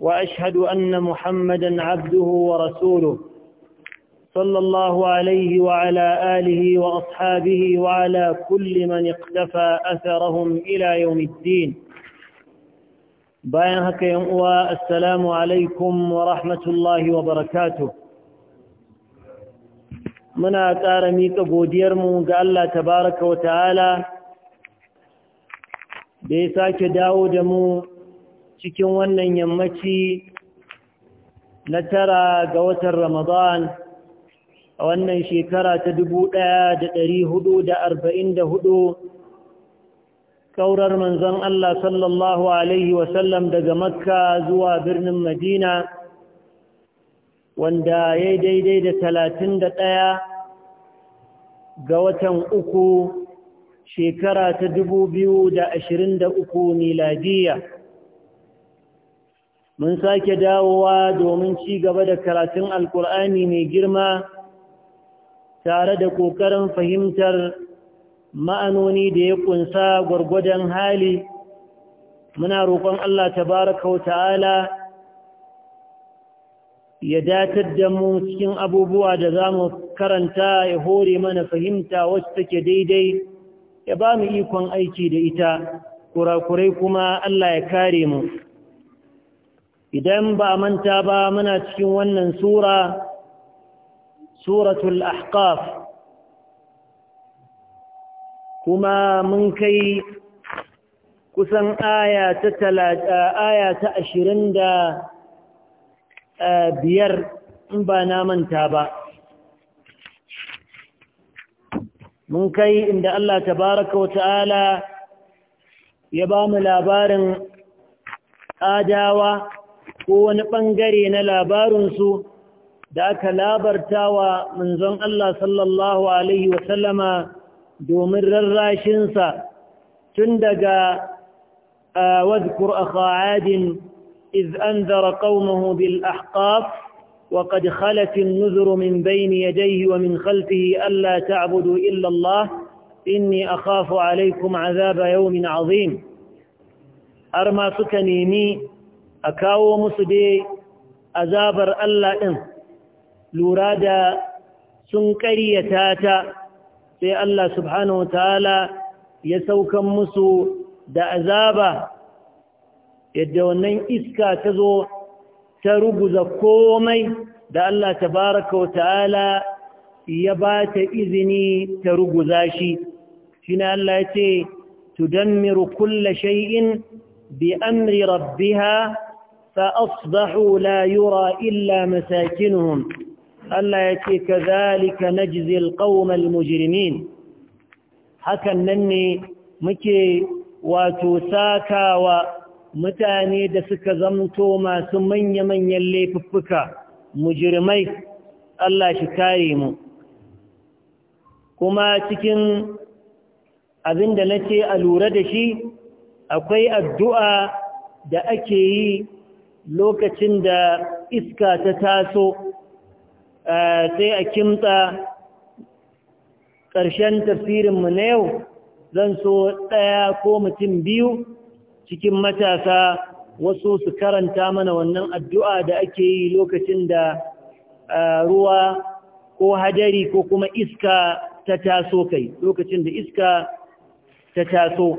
وأشهد أن محمدا عبده ورسوله صلى الله عليه وعلى آله وأصحابه وعلى كل من اقتفى أثرهم إلى يوم الدين باين هكا يمقوى السلام عليكم ورحمة الله وبركاته منا ƙara miƙa godiyarmu ga تبارك وتعالى wa ta'ala da cikin wannan yammaci na tara ga watan Ramadan a wannan shekara ta dubu ɗaya da ɗari hudu da arba'in da hudu kaurar manzon Allah sallallahu Alaihi wasallam daga Makka zuwa birnin Madina wanda ya yi daidai da talatin da ɗaya ga watan uku shekara ta dubu biyu da ashirin da uku miladiyya mun sake dawowa domin ci gaba da karatun alkur'ani mai girma tare da ƙoƙarin fahimtar ma'anoni da ya ƙunsa gwargwadon hali muna roƙon Allah tabaraka wa ta'ala ya datar da mu cikin abubuwa da za mu karanta ya hore mana fahimta wacce take daidai ya ba mu ikon aiki da ita kurakurai kuma Allah ya kare mu idan ba manta ba muna cikin wannan sura suratul ahqaf kuma mun kai kusan aya ta talata aya ta ashirin da eh, biyar in ba na manta ba mun kai inda Allah tabaraka wa ta'ala ya ba mu labarin adawa ko wani ɓangare na labarinsu da aka labarta wa manzon Allah sallallahu Alaihi wasallama domin rarrashinsa tun daga واذكر أخا عاد إذ أنذر قومه بالأحقاف وقد خلت النذر من بين يديه ومن خلفه ألا تعبدوا إلا الله إني أخاف عليكم عذاب يوم عظيم أرما سكنيمي a kawo musu dai azabar Allah ɗin lura da sun ƙaryata ta sai Allah subhanahu wa ta'ala ya saukan musu da azaba yadda wannan iska ta zo ta ruguza komai da Allah tabaraka wa ta'ala ya ba ta izini ta ruguza shi shi ne Allah ya ce tudammiru kulla shay'in bi amri rabbiha فأصبحوا لا يرى إلا مساكنهم ألا يتي كذلك نجزي القوم المجرمين حكا نني مكي وتساكا ومتاني دسك زمتو ما سمين يمن يلي ففكا مجرمي ألا شكاريم كما تكن أبند نتي ألورد شي أقوي الدعاء da ake yi lokacin da iska ta taso sai a kimtsa ƙarshen tafsirinmu na yau zan so ɗaya ko mutum biyu cikin matasa wasu su karanta mana wannan addu'a da ake yi lokacin da ruwa ko hadari ko kuma iska ta taso kai lokacin da iska ta taso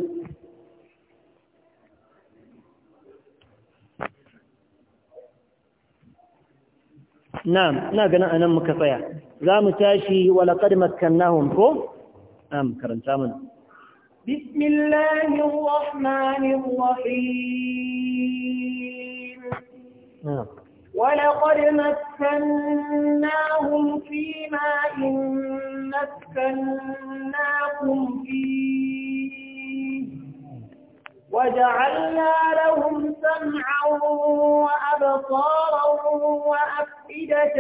na'am ina ganin anan muka tsaya za mu tashi walaƙar makannahun ko? am karanta mana bismillahir rahmanir rahim ولقد مكناهم فيما إن مكناكم فيه وجعلنا لهم سمعا وأبصارا وأفئدة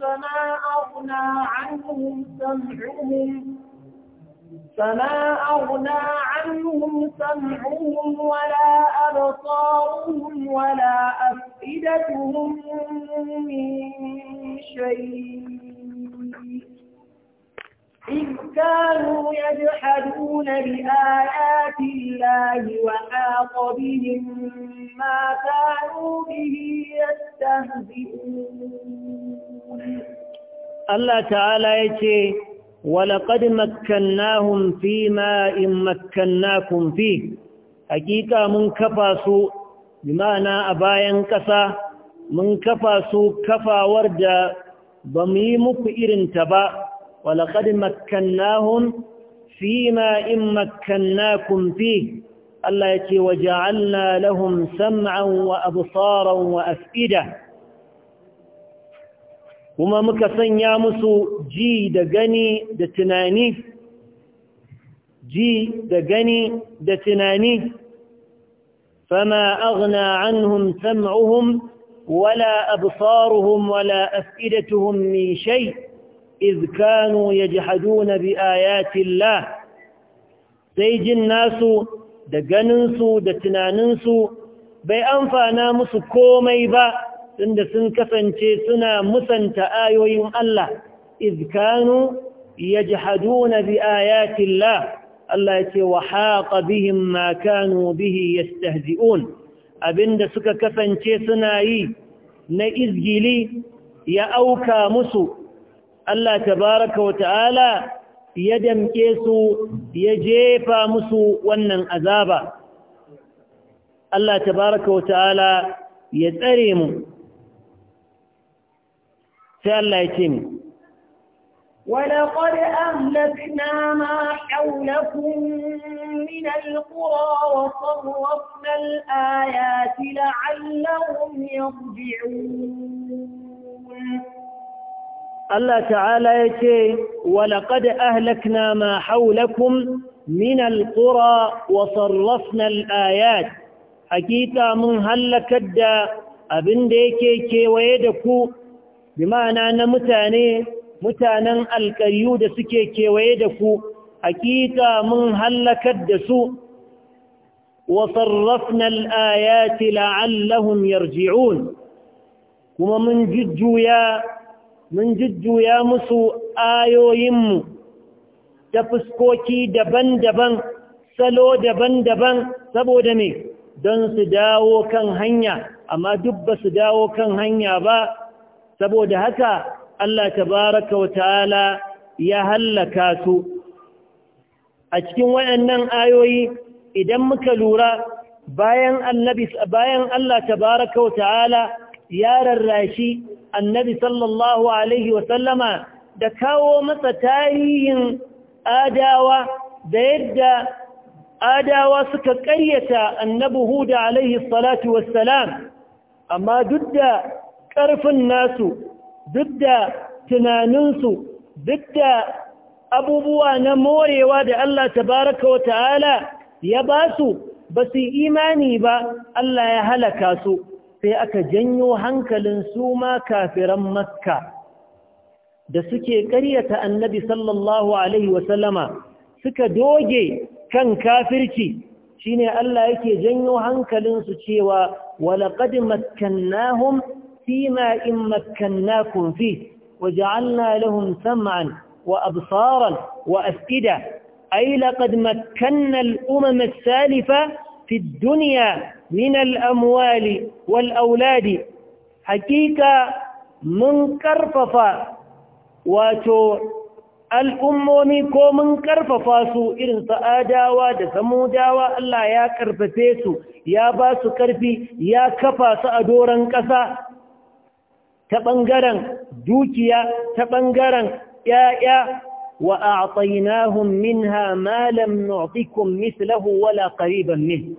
فما أغنى عنهم سمعهم فما أغنى عنهم سمعهم ولا أبصارهم ولا أفئدتهم من شيء إذ كانوا يجحدون بآيات الله وحاق بهم ما كانوا به يستهزئون الله تعالى يتي ولقد مكناهم فيما إن مكناكم فيه حقيقة من كفاسوا بمعنى أبايا كسا من كفاسوا كفا ورد بميمك إرنتبا ولقد مكناهم فيما إن مكناكم فيه الله يتي وجعلنا لهم سمعا وأبصارا وأفئدة وما مكسن يامسوا جي دقني دتناني جي دقني دتناني فما أغنى عنهم سمعهم ولا أبصارهم ولا أفئدتهم من شيء Izkanu ya ji Haduna biya ya tilla, sai jin nasu da ganinsu da tunaninsu bai amfana musu komai ba, tunda sun kasance suna musanta ayoyin Allah. Izkanu ya ji Haduna biya ya Allah ya ce waxa a ka bihin bihi ya Abinda suka kasance suna yi na izgili ya auka musu. Allah tabaraka wa ta'ala ya damke su ya jefa musu wannan azaba Allah tabaraka wa ta'ala ya tsare mu sai Allah ya ce mu ولقد أهلكنا ما حولكم من القرى وصرفنا الآيات لعلهم يرجعون Allah ta'ala ya ce walaƙad ahlakna ma haulakum min ƙura wa sarrafna ayat hakika mun hallakar da abin da yake kewaye da ku bi ma'ana na mutane mutanen alƙaryu da suke kewaye da ku hakika mun hallakar da su wa sarrafna al'ayati la'allahum yarji'un kuma mun jujjuya mun jujjuya musu ayoyinmu ta fuskoki daban-daban salo daban-daban saboda ne don su dawo kan hanya amma duk ba su dawo kan hanya ba saboda haka Allah tabaraka wa ta'ala ya hallaka su a cikin waɗannan ayoyi idan muka lura bayan bayan Allah tabaraka wa ta'ala ya rarrashi annabi sallallahu alaihi wasallama da kawo masa tarihin adawa da yadda adawa suka ƙaryata annabi huda alaihi salatu wassalam amma duk da ƙarfin nasu duk da tunaninsu duk da abubuwa na morewa da Allah tabaraka wa ta'ala ya ba su ba su imani ba Allah ya halaka su sai aka janyo hankalin su ma kafiran makka da suke ƙaryata annabi sallallahu alaihi wasallama suka doge kan kafirci shine Allah yake janyo hankalin su cewa walaƙad makkannahum fima in makkannakum fi waja'alna lahum sam'an wa absaran wa afida ay laqad makkanna al-umam as-salifa fi ad-dunya من الأموال والأولاد حقيقة من كرففا واتو al'ummomi ko mun karfafa su irin su adawa da samudawa Allah ya karfafe su ya ba su karfi ya kafa su a doron ƙasa ta ɓangaren dukiya ta ɓangaren ‘ya'ya wa a tsainahun min ha malam nu'afikun mislahu wala ƙariban min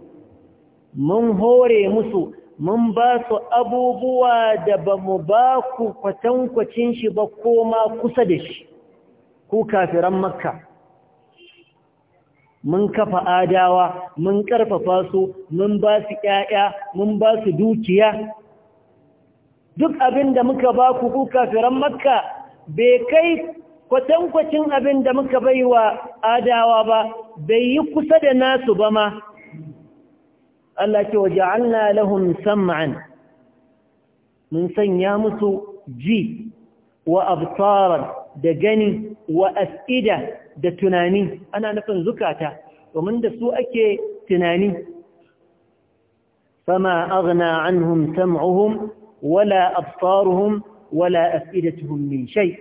mun hore musu mun ba su abubuwa da ba mu ba ku kwatankwacin shi ba koma kusa da shi ku kafiran makka mun kafa adawa mun karfafa su mun ba su ƴaƴa mun ba su dukiya duk abin da muka ba ku ku kafiran makka bai kai kwatankwacin abin da muka bai wa adawa ba bai yi kusa da nasu ba ma Allah ce wa ja'alna lahum sam'an mun sanya musu ji wa absaran da gani wa as'ida da tunani ana nufin zukata domin da su ake tunani fama aghna anhum sam'uhum wala absaruhum wala as'idatuhum min shay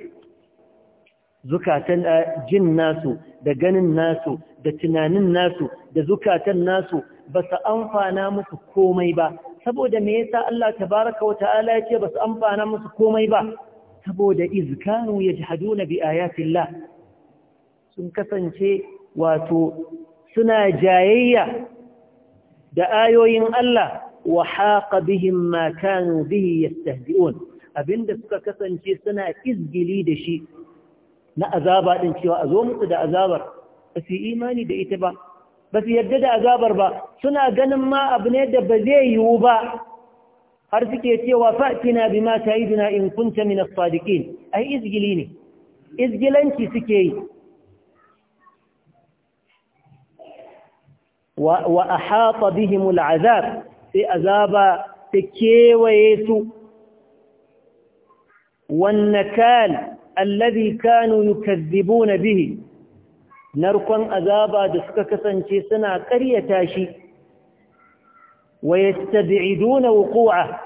zukatan jin nasu da ganin nasu da tunanin nasu da zukatan nasu ba su amfana musu komai ba saboda me yasa Allah tabaraka wa ta'ala ya ce ba su amfana musu komai ba saboda izkanu yajhaduna bi ayatillah sun kasance wato suna jayayya da ayoyin Allah wa haqa bihim ma kanu bihi yastahzi'un abinda suka kasance suna izgili da shi na azaba ɗin cewa a zo musu da azabar a su imani da ita ba بس يجدد أذابر با سنة قنم ما أبنيد بزيه با أرسك يتيه وفأتنا بما تعيدنا إن كنت من الصادقين أي إزجليني إزجلنكي سكي وأحاط بهم العذاب في أذاب تكي ويسو والنكال الذي كانوا يكذبون به narkon azaba da suka kasance suna ƙaryata shi wa yastabi'iduna wuqu'a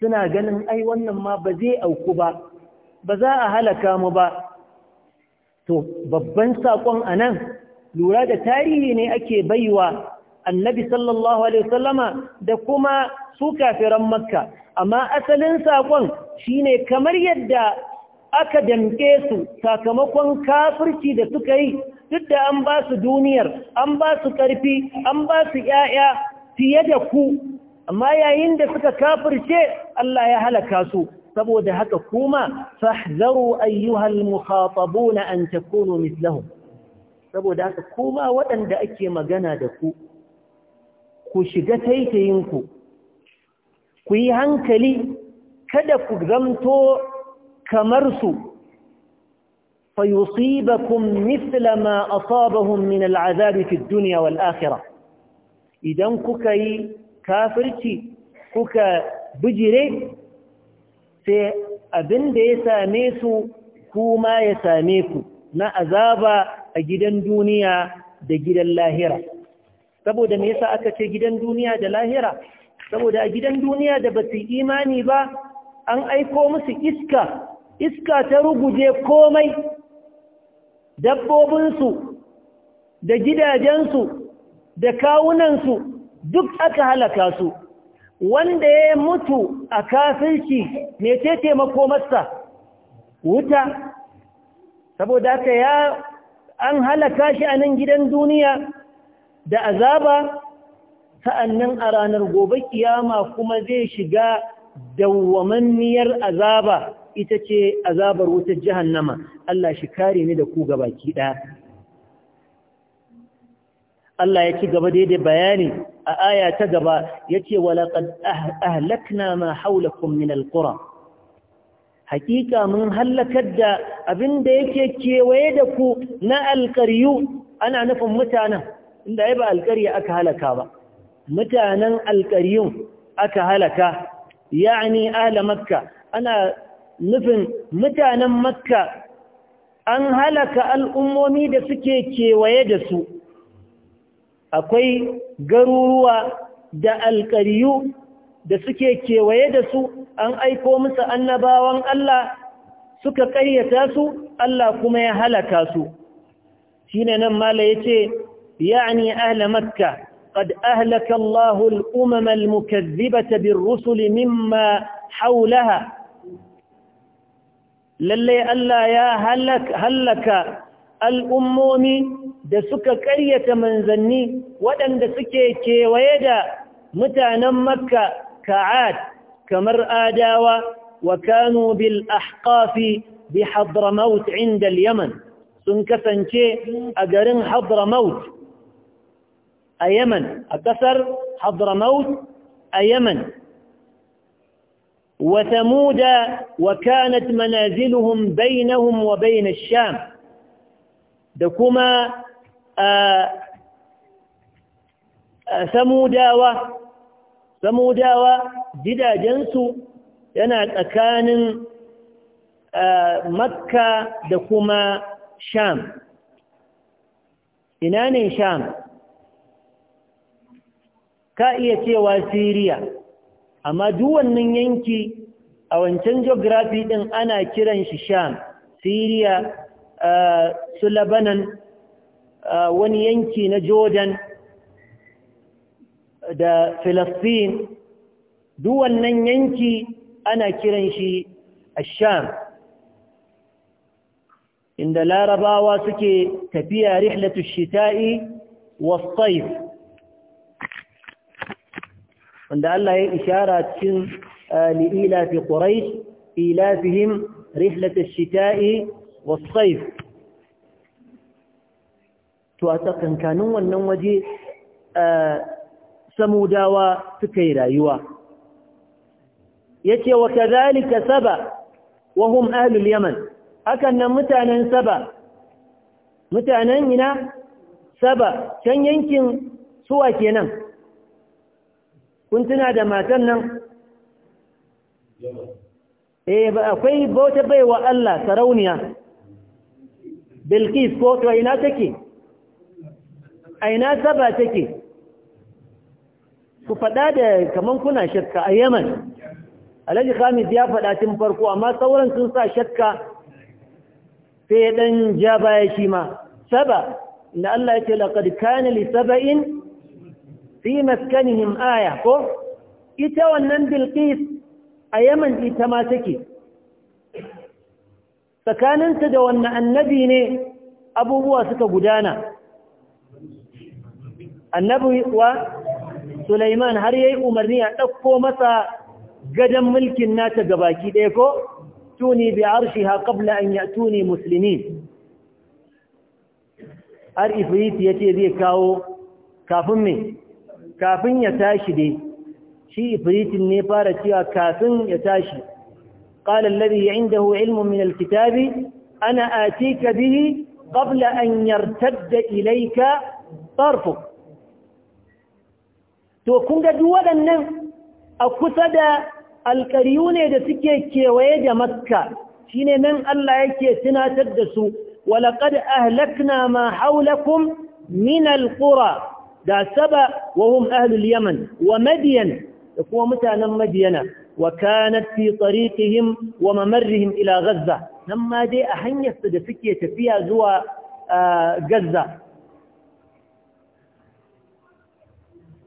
suna ganin ai wannan ma ba zai auku ba ba za a halaka mu ba to babban sakon anan lura da tarihi ne ake baiwa annabi sallallahu alaihi wasallama da kuma su kafiran makka amma asalin sakon shine kamar yadda aka damƙe su sakamakon kafirci da suka yi duk da an ba su duniyar an ba su ƙarfi an ba su ‘ya'ya fiye da ku amma yayin da suka kafirce Allah ya halaka su saboda haka kuma fahzaru ayyuhal mukhatabuna an takunu mithluhum saboda haka kuma waɗanda ake magana da ku ku shiga taitayinku ku yi hankali kada ku zamto kamar su fayusibakun mithla ma asabahum min al'azabi wal akhirah idan kuka yi kafirci kuka bijire sai abinda ya same su kuma ya same ku na azaba a gidan duniya da gidan lahira saboda me yasa aka ce gidan duniya da lahira saboda a gidan duniya da basu imani ba an aiko musu iska iska ta ruguje komai dabbobinsu da gidajensu da kawunansu duk aka halaka su wanda ya mutu a kafirci ne ce taimako masa wuta saboda haka ya an halaka shi a nan gidan duniya da azaba sa'annan a ranar gobe kiyama kuma zai shiga dawwamanniyar azaba ita ce azabar wutar jahannama Allah shi kare ni da ku gabaki ɗaya Allah ya ci gaba daidai bayani a aya ta gaba ya ce walaƙad ah-, ahlakna ma haulakum min alƙura hakika mun hallakar da abin da yake kewaye da ku na alƙaryu ana nufin mutanen inda ya ba alƙarya aka halaka ba mutanen alƙaryun aka halaka ya'ani ahla makka ana nufin mutanen makka an halaka al'ummomi da suke kewaye da su akwai garuruwa da alƙariyu da suke kewaye da su an aiko musu annabawan Allah suka ƙaryata su Allah kuma ya halaka su shi ne nan mala ya ce ya'ani ahla makka قد أهلك الله الأمم المكذبة بالرسل مما حولها lalle Allah ya halaka al'ummomi da suka ƙaryata manzanni waɗanda suke kewaye da mutanen makka ka'ad kamar adawa wa kanu bil ahqafi bi hadramaut inda yaman sun kasance a garin hadramaut a yaman a ƙasar hadramaut a yaman وثمود وكانت منازلهم بينهم وبين الشام دكما samudawa samudawa gidajensu yana tsakanin makka da kuma sham ina ne sham ka iya cewa siriya amma duk wannan yanki a wancan geography din ana kiran shi sham syria uh, su labanan uh, wani yanki na jordan da philistine duk wannan yanki ana kiran shi sham inda larabawa suke tafiya rihlatu shita'i was-sayf wanda Allah ya ishara cikin eh, li'ila fi quraish ilafihim rihlat ash-shita'i was-sayf to a tsakankanin wannan waje eh, samudawa suka yi rayuwa yace wa kadhalika saba wa hum ahlul yaman hakan nan mutanen saba mutanen ina saba can yankin suwa kenan kun tuna da matan nan eh ba akwai bauta baiwa Allah sarauniya bilqis ko to ina take aina saba take ku fada da kaman kuna shakka a Yemen Alhaji Khamis ya fada tun farko amma sauran sun sa shakka sai dan ja baya shi ma saba inda Allah ya ce laqad kana li saba'in fi maskanihim aya ko ita wannan bilqis a yaman ita ma take tsakaninta da wannan annabi ne abubuwa suka gudana annabi wa Sulaiman har yayi umarni a ɗauko masa gadon mulkin nata gabaki ɗaya ko tuni bi arshiha qabla an ya'tuni muslimin har ifrit yace zai kawo kafin mai kafin ya tashi dai shi ifritin ne fara cewa kafin ya tashi قال الذي عنده علم من الكتاب ana آتيك به قبل أن يرتد إليك طرفك to kun ga duk waɗannan a kusa da alkariyu ne da suke kewaye da makka shine nan Allah yake tunatar da su walaƙad ahlakna ma haulakum min alƙura دا سبا وهم أهل اليمن ومدين يقوى متانا مدينا وكانت في طريقهم وممرهم إلى غزة لما دي أحن يستدفكية فيها زوى آه، غزة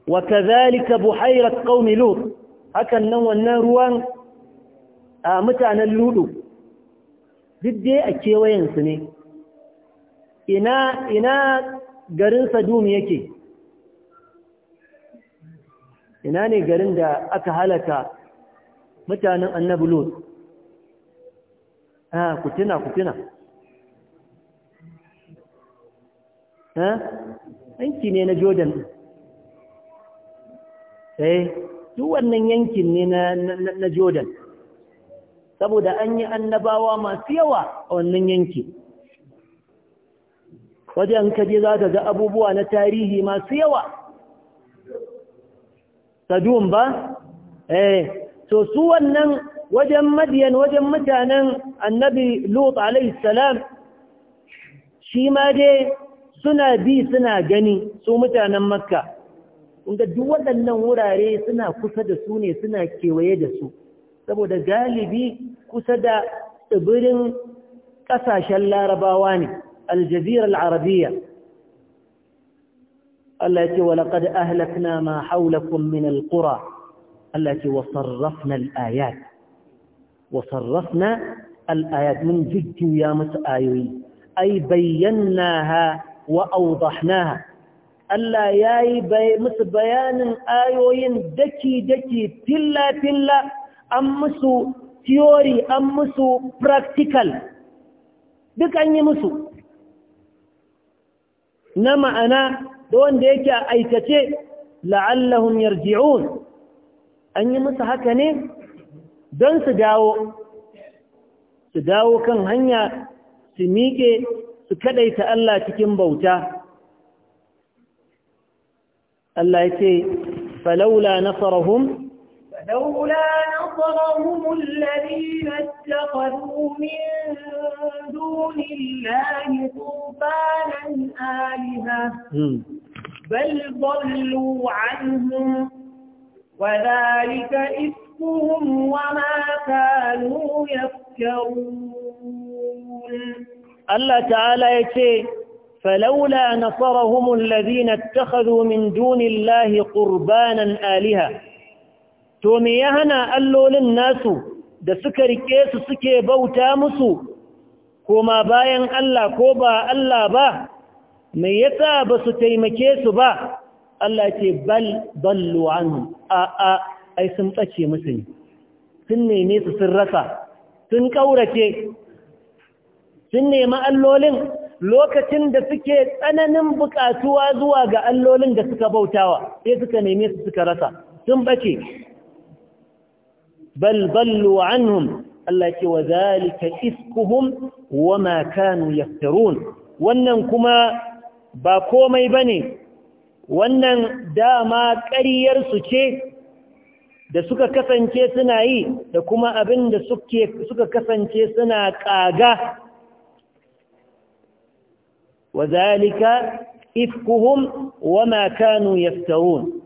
وكذلك بحيرة قوم لوط هكا نوى النار وان آه، متانا اللولو ضدي أكيوين سنين ina ina garin sadum yake ina ne garin da aka halaka mutanen annabi lot ha ah, kutina kutina ha ah, yanki ne na jordan eh duk wannan yankin ne na na jordan saboda an yi annabawa masu yawa a wannan yanki wajen kaje za ka ga abubuwa na tarihi masu yawa sadum ba eh to su wannan wajen madiyan wajen mutanen annabi lut alaihi salam shi ma dai suna bi suna gani su mutanen makka inda duk waɗannan wurare suna kusa da su ne suna kewaye da su saboda galibi kusa da tsibirin ƙasashen larabawa ne aljazirar arabiya Allah ya ce wa laqad ahlakna ma hawlakum min alqura Allah ya ce wa sarrafna alayat wa alayat mun jiddu ya musu ayoyi ay bayyanaha wa awdahnaha Allah yayi musu bayanin ayoyin daki daki filla filla an musu theory an musu practical duk an yi musu na ma'ana da wanda yake a aikace la'allahum yarji'un an yi musu haka ne don su dawo su dawo kan hanya su miƙe su kaɗaita Allah cikin bauta Allah ya ce falaula nasarahum فلولا نصرهم الذين اتخذوا من دون الله سلطانا آلهة بل ضلوا عنهم وذلك إفكهم وما كانوا يفكرون الله تعالى يتي فلولا نصرهم الذين اتخذوا من دون الله قربانا آلهة توميهنا ألو للناس da suka rike su suke bauta musu koma bayan Allah ko ba Allah ba me yasa ba su taimake su ba Allah ce bal ballu anhu a a ai sun tsace musu ne sun neme su sun rasa sun kaurace sun nemi allolin lokacin da suke tsananin bukatuwa zuwa ga allolin da suka bautawa sai suka neme su suka rasa sun bace bal ballu anhum Allah ce wa zalika iskuhum ma kanu yaftarun wannan kuma ba komai ba ne wannan dama ƙaryarsu ce da suka kasance suna yi da kuma abin da suka kasance suna ƙaga wa zalika ifkuhum wa ma kanu yaftawun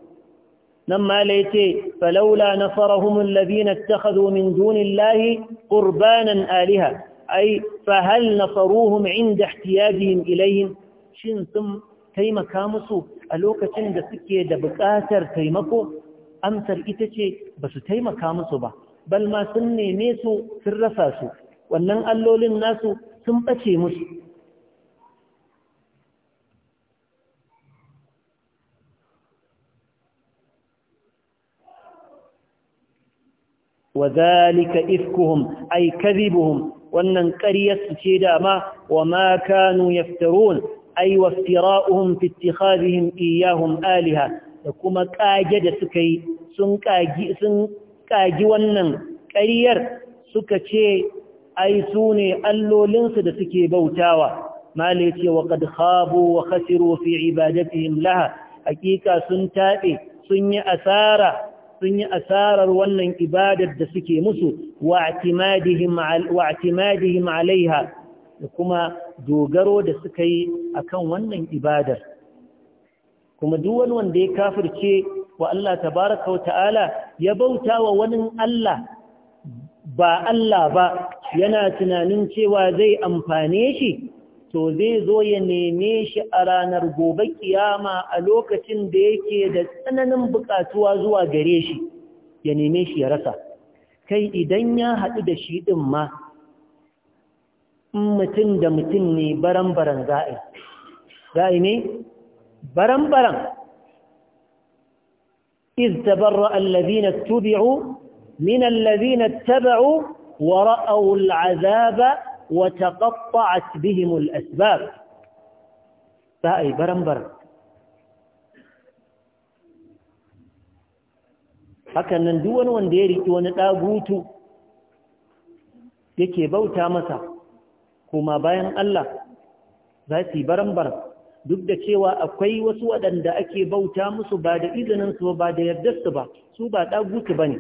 nan mala yace falaula nasarahum alladhina ittakhadhu min dunillahi qurbanan aliha ay fahal hal nasaruhum inda ihtiyajihim ilayhim shin sun taimaka musu a lokacin da suke da buƙatar taimako amsar ita ce ba su taimaka musu ba Balma sun neme su sun rasa su wannan allolin nasu sun ɓace musu وذلك إفكهم أي wannan وأن قرية تشيدا ما wa كانوا ai waftira'uhum fi ittikhadihim iyahum aliha da kuma kage da suka yi sun kagi sun kagi wannan ƙaryar suka ce ai su ne allolinsu da suke bautawa malai ce wa qad khabu wa khasiru fi ibadatihim laha hakika sun tabe sun yi asara sun yi asarar wannan ibadar da suke musu wa i'timadihim alaiha da kuma dogaro da suka yi akan wannan ibadar kuma duk wani wanda ya kafirce wa Allah tabaraka wa ta'ala ya bauta wa wani Allah ba Allah ba yana tunanin cewa zai amfane shi to zai zo ya neme shi a ranar gobe kiyama a lokacin da yake da tsananin bukatuwa zuwa gare shi ya neme shi ya rasa kai idan ya haɗu da shi ɗin ma mutum da mutum ne baran-baran za'i za'i ne baran-baran إذ تبرأ الذين اتبعوا من الذين اتبعوا ورأوا العذاب وتقطعت بهم الأسباب فأي برنبر haka nan duk wani wanda ya riki wani ɗagutu yake bauta masa kuma bayan Allah za su yi barambar duk da cewa akwai wasu waɗanda ake bauta musu ba da izininsu ba da yardarsu ba su ba ɗagutu ba ne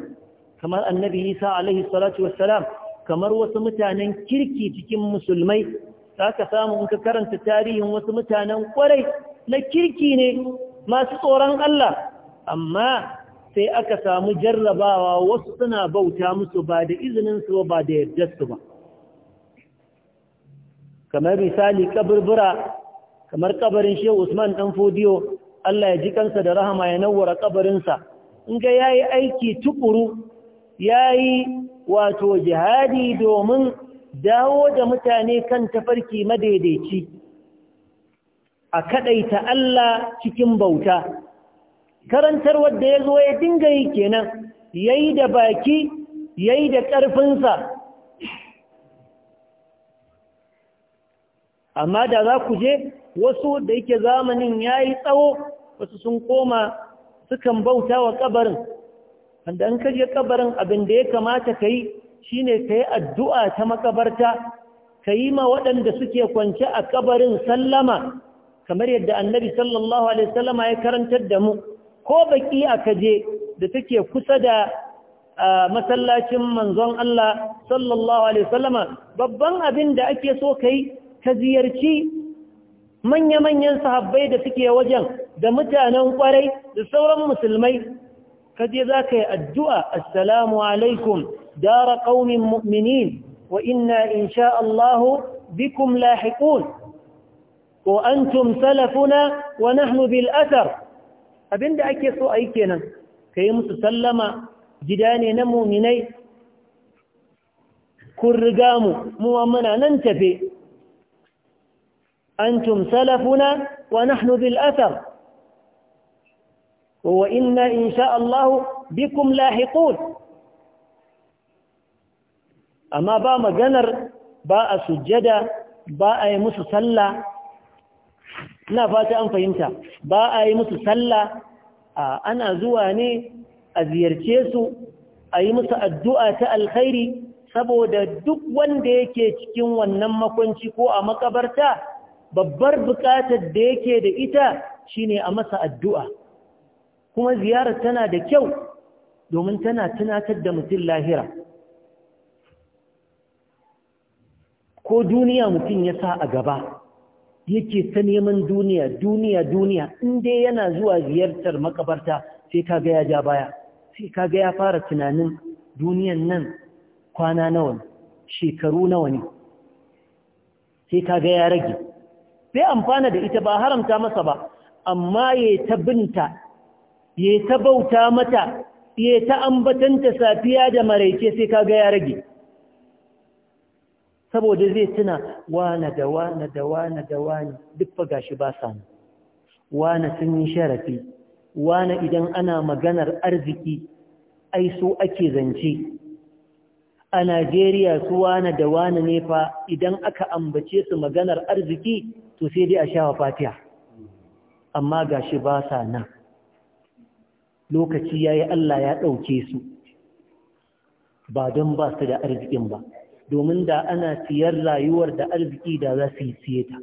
kamar annabi isa alaihi salatu wassalam kamar wasu mutanen kirki cikin musulmai za ka samu in ka karanta tarihin wasu mutanen kwarai na kirki ne masu tsoron Allah amma sai aka samu jarrabawa wasu suna bauta musu ba da izininsu ba da yardarsu ba kamar misali kaburbura kamar kabarin shehu usman dan fodiyo Allah ya ji kansa da rahama ya nawwara kabarinsa in ga yayi aiki tukuru yayi wato jihadi domin dawo da mutane kan tafarki madaidaici a kadaita Allah cikin bauta karantar wanda yazo ya dinga yi kenan yayi da baki yayi da ƙarfinsa. amma da za ku je wasu da yake zamanin ya yi tsawo wasu sun koma sukan bauta wa kabarin wanda an kaje kabarin abin da ya kamata ka yi shi ne ka yi addu'a ta makabarta ka yi ma waɗanda suke kwance a kabarin sallama kamar yadda annabi sallallahu alaihi sallama ya karantar da mu ko baƙi a kaje da take kusa da masallacin manzon Allah sallallahu alaihi sallama babban abin da ake so ka yi ta ziyarci manya-manyan sahabbai da suke wajen da mutanen kwarai da sauran musulmai kaje za ka yi addu'a assalamu alaikum dara ƙaunin mu'minin wa inna in sha Allahu bikum lahiƙun ko an tum salafuna wa nahnu bil asar abinda ake so a yi kenan ka yi musu sallama gida ne na muminai kun riga mu muwa muna nan tafe أنتم سلفنا ونحن ذي ا ل أ شاء الله بكم لاحقون أما م باء مجنر باء سجدا باء يمس سلا لا فات أن ن فهمت باء يمس سلا آه، أنا زواني أ ز ي ر ت ي س أ ي مس الدعاء الخير سبو د د ق و ن ديكي تكون ونمكن تكون مكبرتا babbar buƙatar da yake da ita shine a masa addu'a kuma ziyarar tana da kyau domin tana tunatar da mutum lahira ko duniya mutum ya sa a gaba yake ta neman duniya duniya duniya inda yana zuwa ziyartar makabarta sai kaga ya ja baya sai kaga ya fara tunanin duniyan nan kwana nawa shekaru nawa ne sai ga ya rage sai amfana da ita ba haramta masa ba amma ya ta binta ya ta bauta mata ya ta ambatanta safiya da maraice sai kaga ya rage saboda zai tuna wane da wane da wane da wane duk fa gashi ba sani wane sun yi sharafi wane idan ana maganar arziki ai su ake zance a Najeriya su wane da wane ne fa idan aka ambace su maganar arziki to sai dai a sha wa fatiha amma ga shi ba sa nan lokaci ya yi Allah ya ɗauke su ba don ba su da arzikin ba domin da ana siyar rayuwar da arziki da za su yi siye ta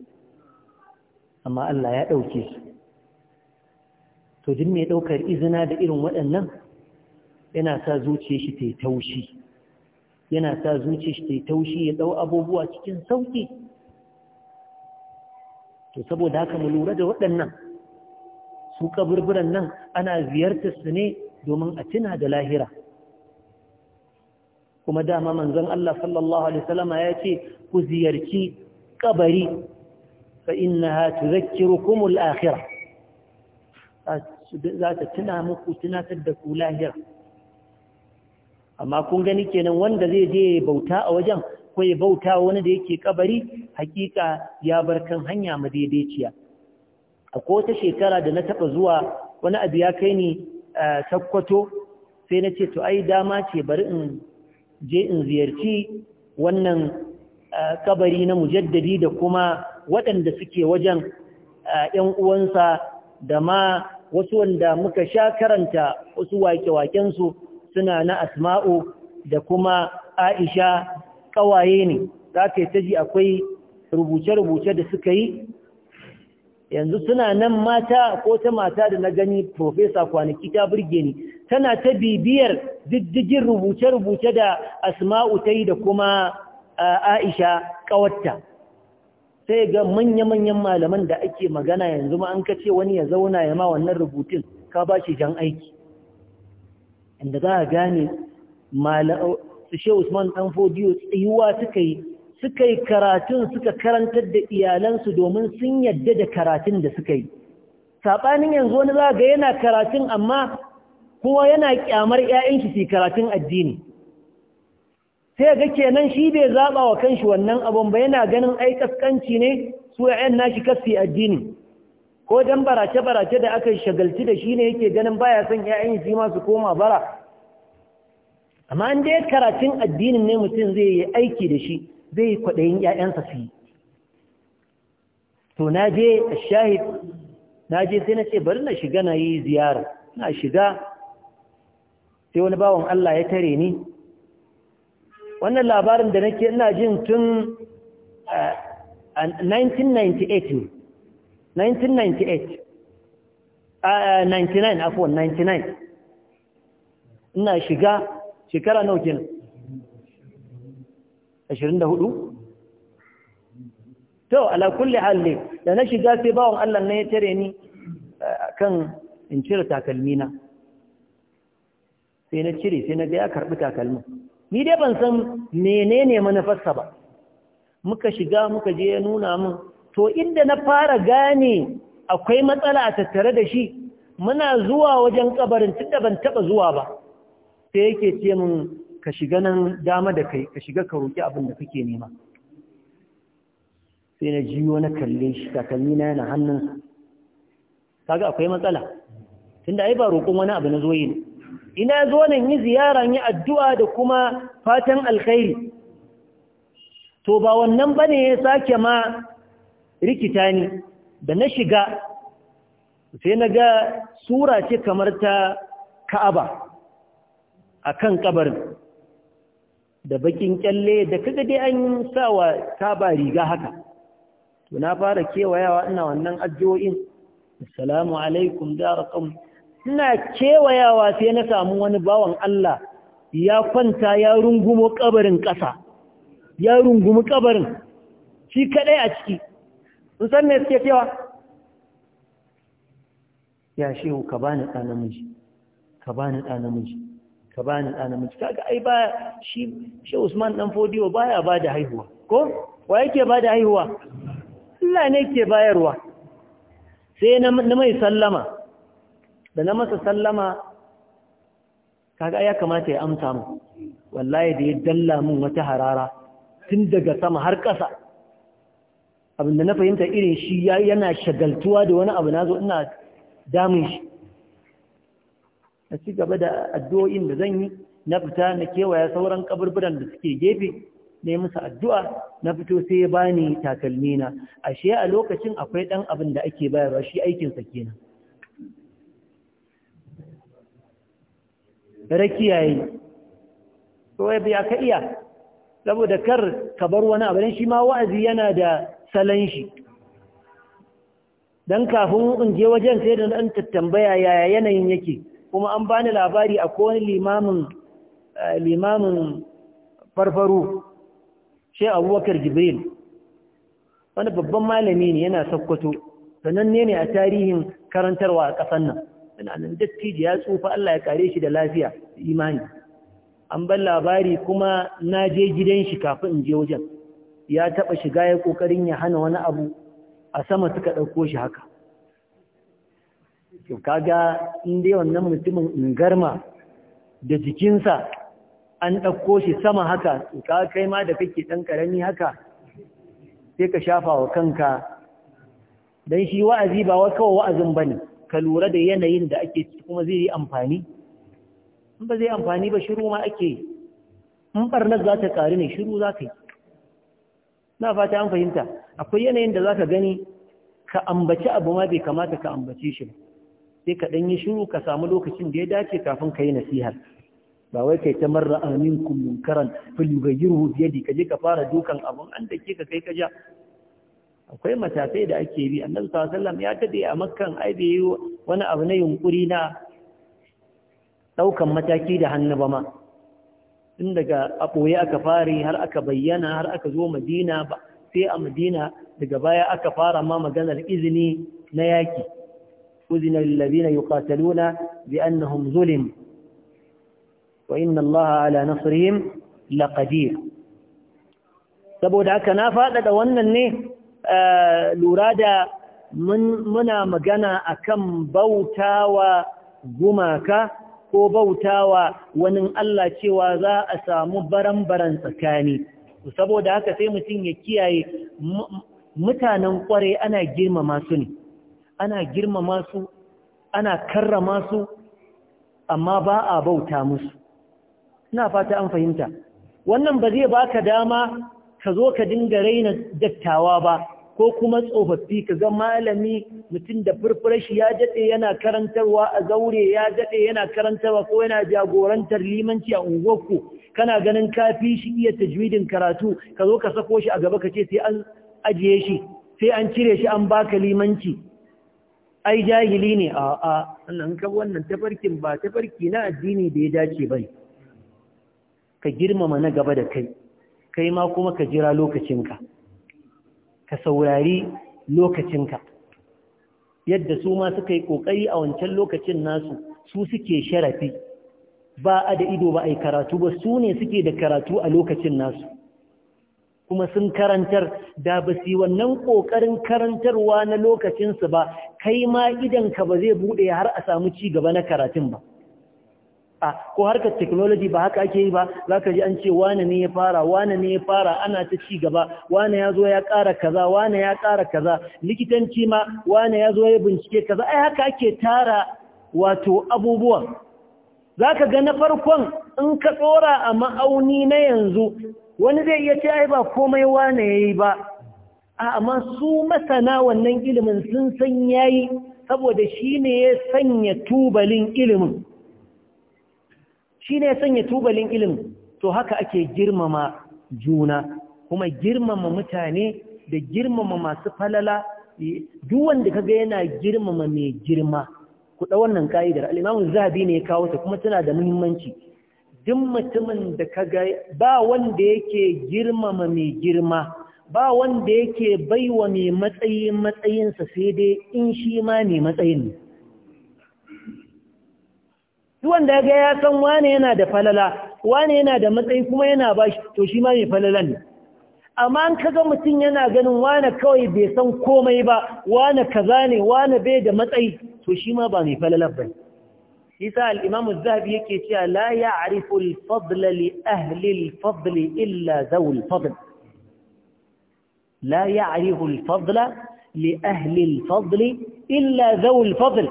amma Allah ya ɗauke su to duk mai ɗaukar izina da irin waɗannan yana sa zuciya shi ta taushi yana sa zuciya shi ta taushi ya ɗau abubuwa cikin sauƙi to saboda haka mu lura da waɗannan su kaburburan nan ana ziyartar su ne domin a tuna da lahira kuma dama manzon Allah sallallahu alaihi wasallama ya ce ku ziyarci kabari fa innaha tudhakkirukum al-akhirah za ta tuna muku tunatar da ku lahira amma kun gani kenan wanda zai je bauta a wajen ko ya bauta wani da yake kabari hakika ya bar kan hanya madaidaiciya akwai wata shekara da na taba zuwa wani abu ya kai ni sakkwato sai na ce to ai dama ce bari in je in ziyarci wannan kabari na mujaddadi da kuma waɗanda suke wajen ‘yan uwansa da ma wasu wanda muka sha karanta wasu wake-wakensu suna na asma'u da kuma aisha ƙawaye ne za ka yi ta ji akwai rubuce-rubuce da suka yi yanzu suna nan mata ko ta mata da na gani profesa kwanaki ta birge ni tana ta bibiyar diddigin rubuce-rubuce da asma'u ta yi da kuma aisha ƙawarta sai ga manya-manyan malaman da ake magana yanzu ma an kace wani ya zauna ya ma wannan rubutun ka ba shi jan aiki inda za a gane su shehu usman dan tsayuwa suka yi suka yi karatun suka karantar da iyalansu domin sun yadda da karatun da suka yi saɓanin yanzu wani za ga yana karatun amma kuma yana ƙyamar 'ya'yan shi karatun addini sai ga kenan shi bai zaɓa wa kanshi wannan abun ba yana ganin ai kaskanci ne su 'ya'yan nashi kasfi addini ko dan barace-barace da aka shagalci da shi ne yake ganin baya son 'ya'yan shi ma su koma bara amma in dai karatun addinin ne mutum zai yi aiki da shi zai yi kwaɗayin ‘ya'yansa su yi to na je a shahid na je sai na ce bari na shiga na yi ziyara na shiga sai wani bawan Allah ya tare ni wannan labarin da nake ina jin tun 1998 1998 99 afuwan 99 ina shiga shekara nawa kenan 24 to ala kulli hali da na shiga sai bawon Allah ne ya tare ni eh, kan in cire takalmina sai na cire sai na ga ya karbi takalmin ni dai ban san menene manufarsa ba muka shiga muka je ya nuna min to inda na fara gane akwai matsala a tattare da shi muna zuwa wajen kabarin tunda ban taba zuwa ba sai yake ce min ka shiga nan dama da kai ka shiga ka roƙi abin da kake nema sai na jiyo na kalle shi takalmi na yana hannunsa kaga akwai matsala tunda ai ba roƙon wani abu na zo yi ina zo nan yi ziyara yi addu'a da kuma fatan alkhairi to ba wannan bane ya sake ma rikita ni da na shiga sai na ga sura ce kamar ta ka'aba a kan ƙabarin da bakin kyalle da kaga dai an sa sawa taba riga haka to na fara kewayawa ina wannan addu'o'in assalamu alaikum darqum ina kewayawa sai na samu wani bawan Allah ya kwanta ya rungumo kabarin kasa ya rungumi kabarin shi kadai a ciki sun san me suke cewa ya shehu ka bani da namiji ka bani da namiji ka bani ɗa namiji kaga ai ba shi shi Usman dan Fodiyo ya ba da haihuwa ko wa yake ba da haihuwa Allah ne ke bayarwa sai na mai sallama da na masa sallama kaga ya kamata ya amsa mu wallahi da ya dalla mun wata harara tun daga sama har ƙasa abinda na fahimta irin shi yana shagaltuwa da wani abu na zo ina damun shi na ci gaba da addu'o'in da zan yi na fita na kewaya sauran kaburburan da suke gefe ne musu addu'a na fito sai ya bani takalmi na ashe a lokacin akwai ɗan abin da ake bayarwa shi aikinsa kenan Rakiya yi. kawai bai ka iya saboda kar ka bar wani abu shi ma wa'azi yana da salon shi dan kafin in je wajen sai da ɗan tattambaya yaya yanayin yake kuma an bani labari a kowane limamin eh, limamin farfaro shi abubakar jibril wani babban malami ne yana sakkwato sananne ne a tarihin karantarwa a ƙasan nan yana nan ya tsufa Allah ya kare shi da lafiya imani an ban labari kuma na je gidan shi kafin in je wajen ya taɓa shiga ya ƙoƙarin ya hana wani abu a sama suka ɗauko shi haka to kaga in dai wannan mutumin ingarma da jikinsa an ɗauko shi sama haka to ka kai ma da kake ɗan ƙarami haka sai ka shafa wa kanka don shi wa'azi ba wa kawai wa'azin ba ne ka lura da yanayin da ake kuma zai yi amfani in ba zai amfani ba shiru ma ake yi in ɓarnar za ta ƙari ne shiru za ka yi na fata an fahimta akwai yanayin da za ka gani ka ambaci abu ma bai kamata ka ambace shi ba sai ka ɗan yi shiru ka samu lokacin da ya dace kafin ka yi nasihar ba wai kai ta marra amin kun munkaran filibayiru biyadi ka je ka fara dukan abun an da ke ka kai ka ja akwai matasai da ake bi annabi sallallahu alaihi wasallam ya tade a makkan ai yi wani abu na yunkuri na daukan mataki da hannu ba ma tun daga aboye aka fare har aka bayyana har aka zo madina ba sai a madina daga baya aka fara ma maganar izini na yaki أذن للذين يقاتلون بأنهم ظلم وإن الله على نصرهم لقدير saboda haka na faɗaɗa wannan ne lura da muna magana akan bautawa gumaka ko bautawa wani Allah cewa za a samu baran-baran tsakani saboda haka sai mutum ya kiyaye mutanen ƙwarai ana girmama su ne ana girmama su ana karrama su amma ba a bauta musu ina fata an fahimta wannan ba zai baka dama ka zo ka dinga raina dattawa ba ko kuma tsofaffi ka ga malami mutum da furfurashi ya daɗe yana karantarwa a zaure ya daɗe yana karantarwa ko yana jagorantar limanci a unguwarku kana ganin kafi shi iya tajwidin karatu ka zo ka sako shi a gaba ka ce sai an ajiye shi sai an cire shi an baka limanci ai jahili ne a a nan ka wannan tafarkin ba tafarki na addini da ya dace bai ka girmama na gaba da kai kai ma kuma ka jira lokacinka ka saurari lokacinka yadda su ma suka yi kokari a wancan lokacin nasu su suke sharafi ba a da ido ba a yi karatu ba su ne suke da karatu a lokacin nasu kuma sun karantar da ba su yi wannan ƙoƙarin karantarwa na lokacinsu ba kai ma ka ba zai buɗe har a samu ci gaba na karatun ba a ko harkar technology ba haka ake yi ba za ka ji an ce wane ne ya fara wane ne ya fara ana ta ci gaba wane ya zo ya ƙara kaza wane ya ƙara kaza likitanci ma wane ya zo ya bincike kaza ai haka ake tara wato abubuwan za ka ga na farkon in ka tsora a ma'auni na yanzu wani zai iya ce ai ba komai wane yayi ba amma su masana wannan ilimin sun san yayi saboda shine ya sanya tubalin ilimin shine ya sanya tubalin ilimin to haka ake girmama juna kuma girmama mutane da girmama masu falala e, duk wanda kaga yana girmama mai girma ku da wannan ka'idar al-Imam Zahabi ne ya kawo ta kuma tana da muhimmanci duk mutumin da ka ga ba wanda yake girmama mai girma ba wanda yake baiwa mai matsayi matsayinsa sai dai in shi ma mai matsayin ne duk wanda ga ya san wane yana da falala wane yana da matsayi kuma yana ba shi to shi ma mai falalan ne amma an kaga mutum yana ganin wane kawai bai san komai ba wane kaza ne wane bai da matsayi to shi ma ba mai falalar ba ne yasa al-imam az-zahabi yake cewa la ya al-fadla li ahli al illa zaw fadl la ya al-fadla li ahli al illa zaw fadl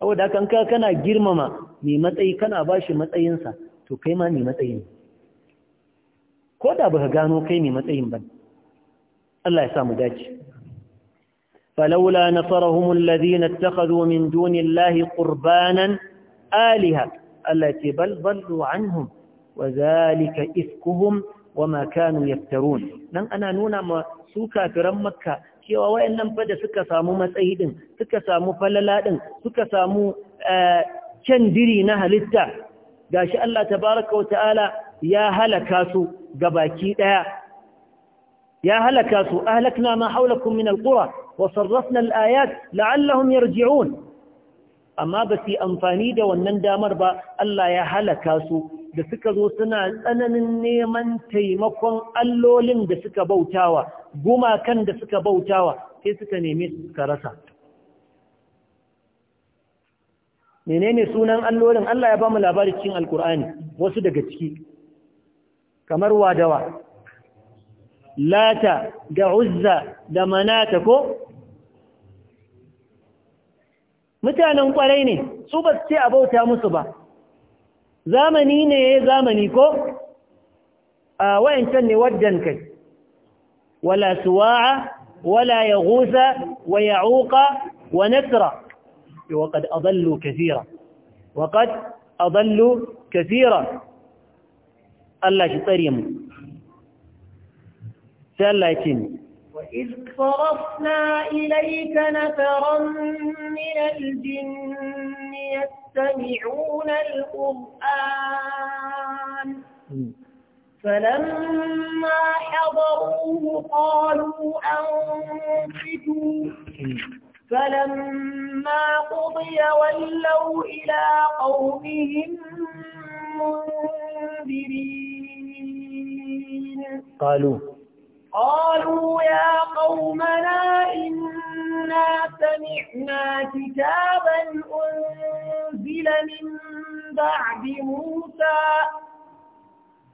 aw da kan ka kana girmama mai matsayi kana bashi matsayinsa to kai ma mai matsayin ko da baka gano kai mai matsayin ba Allah ya samu mu dace فلولا نصرهم الذين اتخذوا من دون الله قربانا آلهة التي بل ضلوا عنهم وذلك إفكهم وما كانوا يفترون نن نعم، أنا نونا ما سوكا كرم مكة كيوا وين نم فدا سكا سامو مسعيد سكا سامو فللاد سكا سامو كندري آه، نهلتا قاش الله تبارك وتعالى يا هلكاسو قباكي يا هلكاسو أهلكنا ما حولكم من القرى وصرفنا الآيات لعلهم يرجعون amma ba su yi amfani da wannan damar ba Allah ya halaka su da suka zo suna tsananin neman taimakon allolin da suka bautawa gumakan da suka bautawa sai suka neme su rasa menene sunan allolin Allah ya ba mu labari cikin alkur'ani wasu daga ciki kamar wadawa lata da uzza da manata ko mutanen kwarai ne su ba su ce abauta musu ba zamani ne ya zamani ko a wayancan ne wajen kai wala suwa'a wala ya gusa wa ya uka wa nasira waƙad kafira nasra وقد kafira Allah shi tsari mu sai Allah ya ce يتيني وإذ صرفنا إليك نفرا من الجن يستمعون القرآن فلما حضروه قالوا أنصتوا فلما قضي ولوا إلى قومهم منذرين قالوا قالوا يا قومنا إنا سمعنا كتابا أنزل من بعد موسى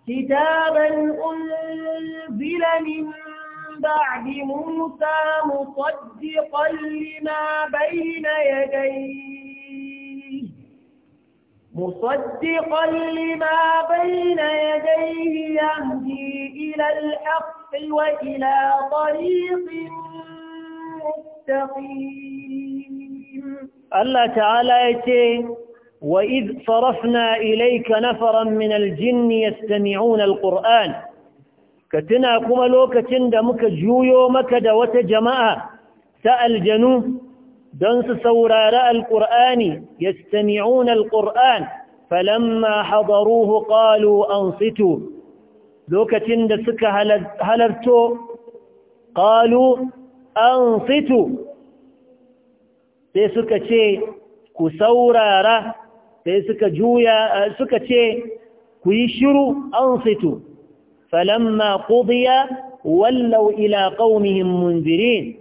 كتابا أنزل من بعد موسى مصدقا لما بين يديه مصدقا لما بين يديه يهدي إلى الحق الحق وإلى طريق مستقيم الله تعالى يتي وإذ صرفنا إليك نفرا من الجن يستمعون القرآن كتنا كما كتن دمك يومك مكد وتجماعة سأل جنوب دنس سوراراء القرآن يستمعون القرآن فلما حضروه قالوا أنصتوا lokacin da suka halarto ƙalu an fito sai suka ce ku saurara sai suka juya suka ce ku yi shiru an fito falamma ƙudiya wallau ila ƙaunihin munzirin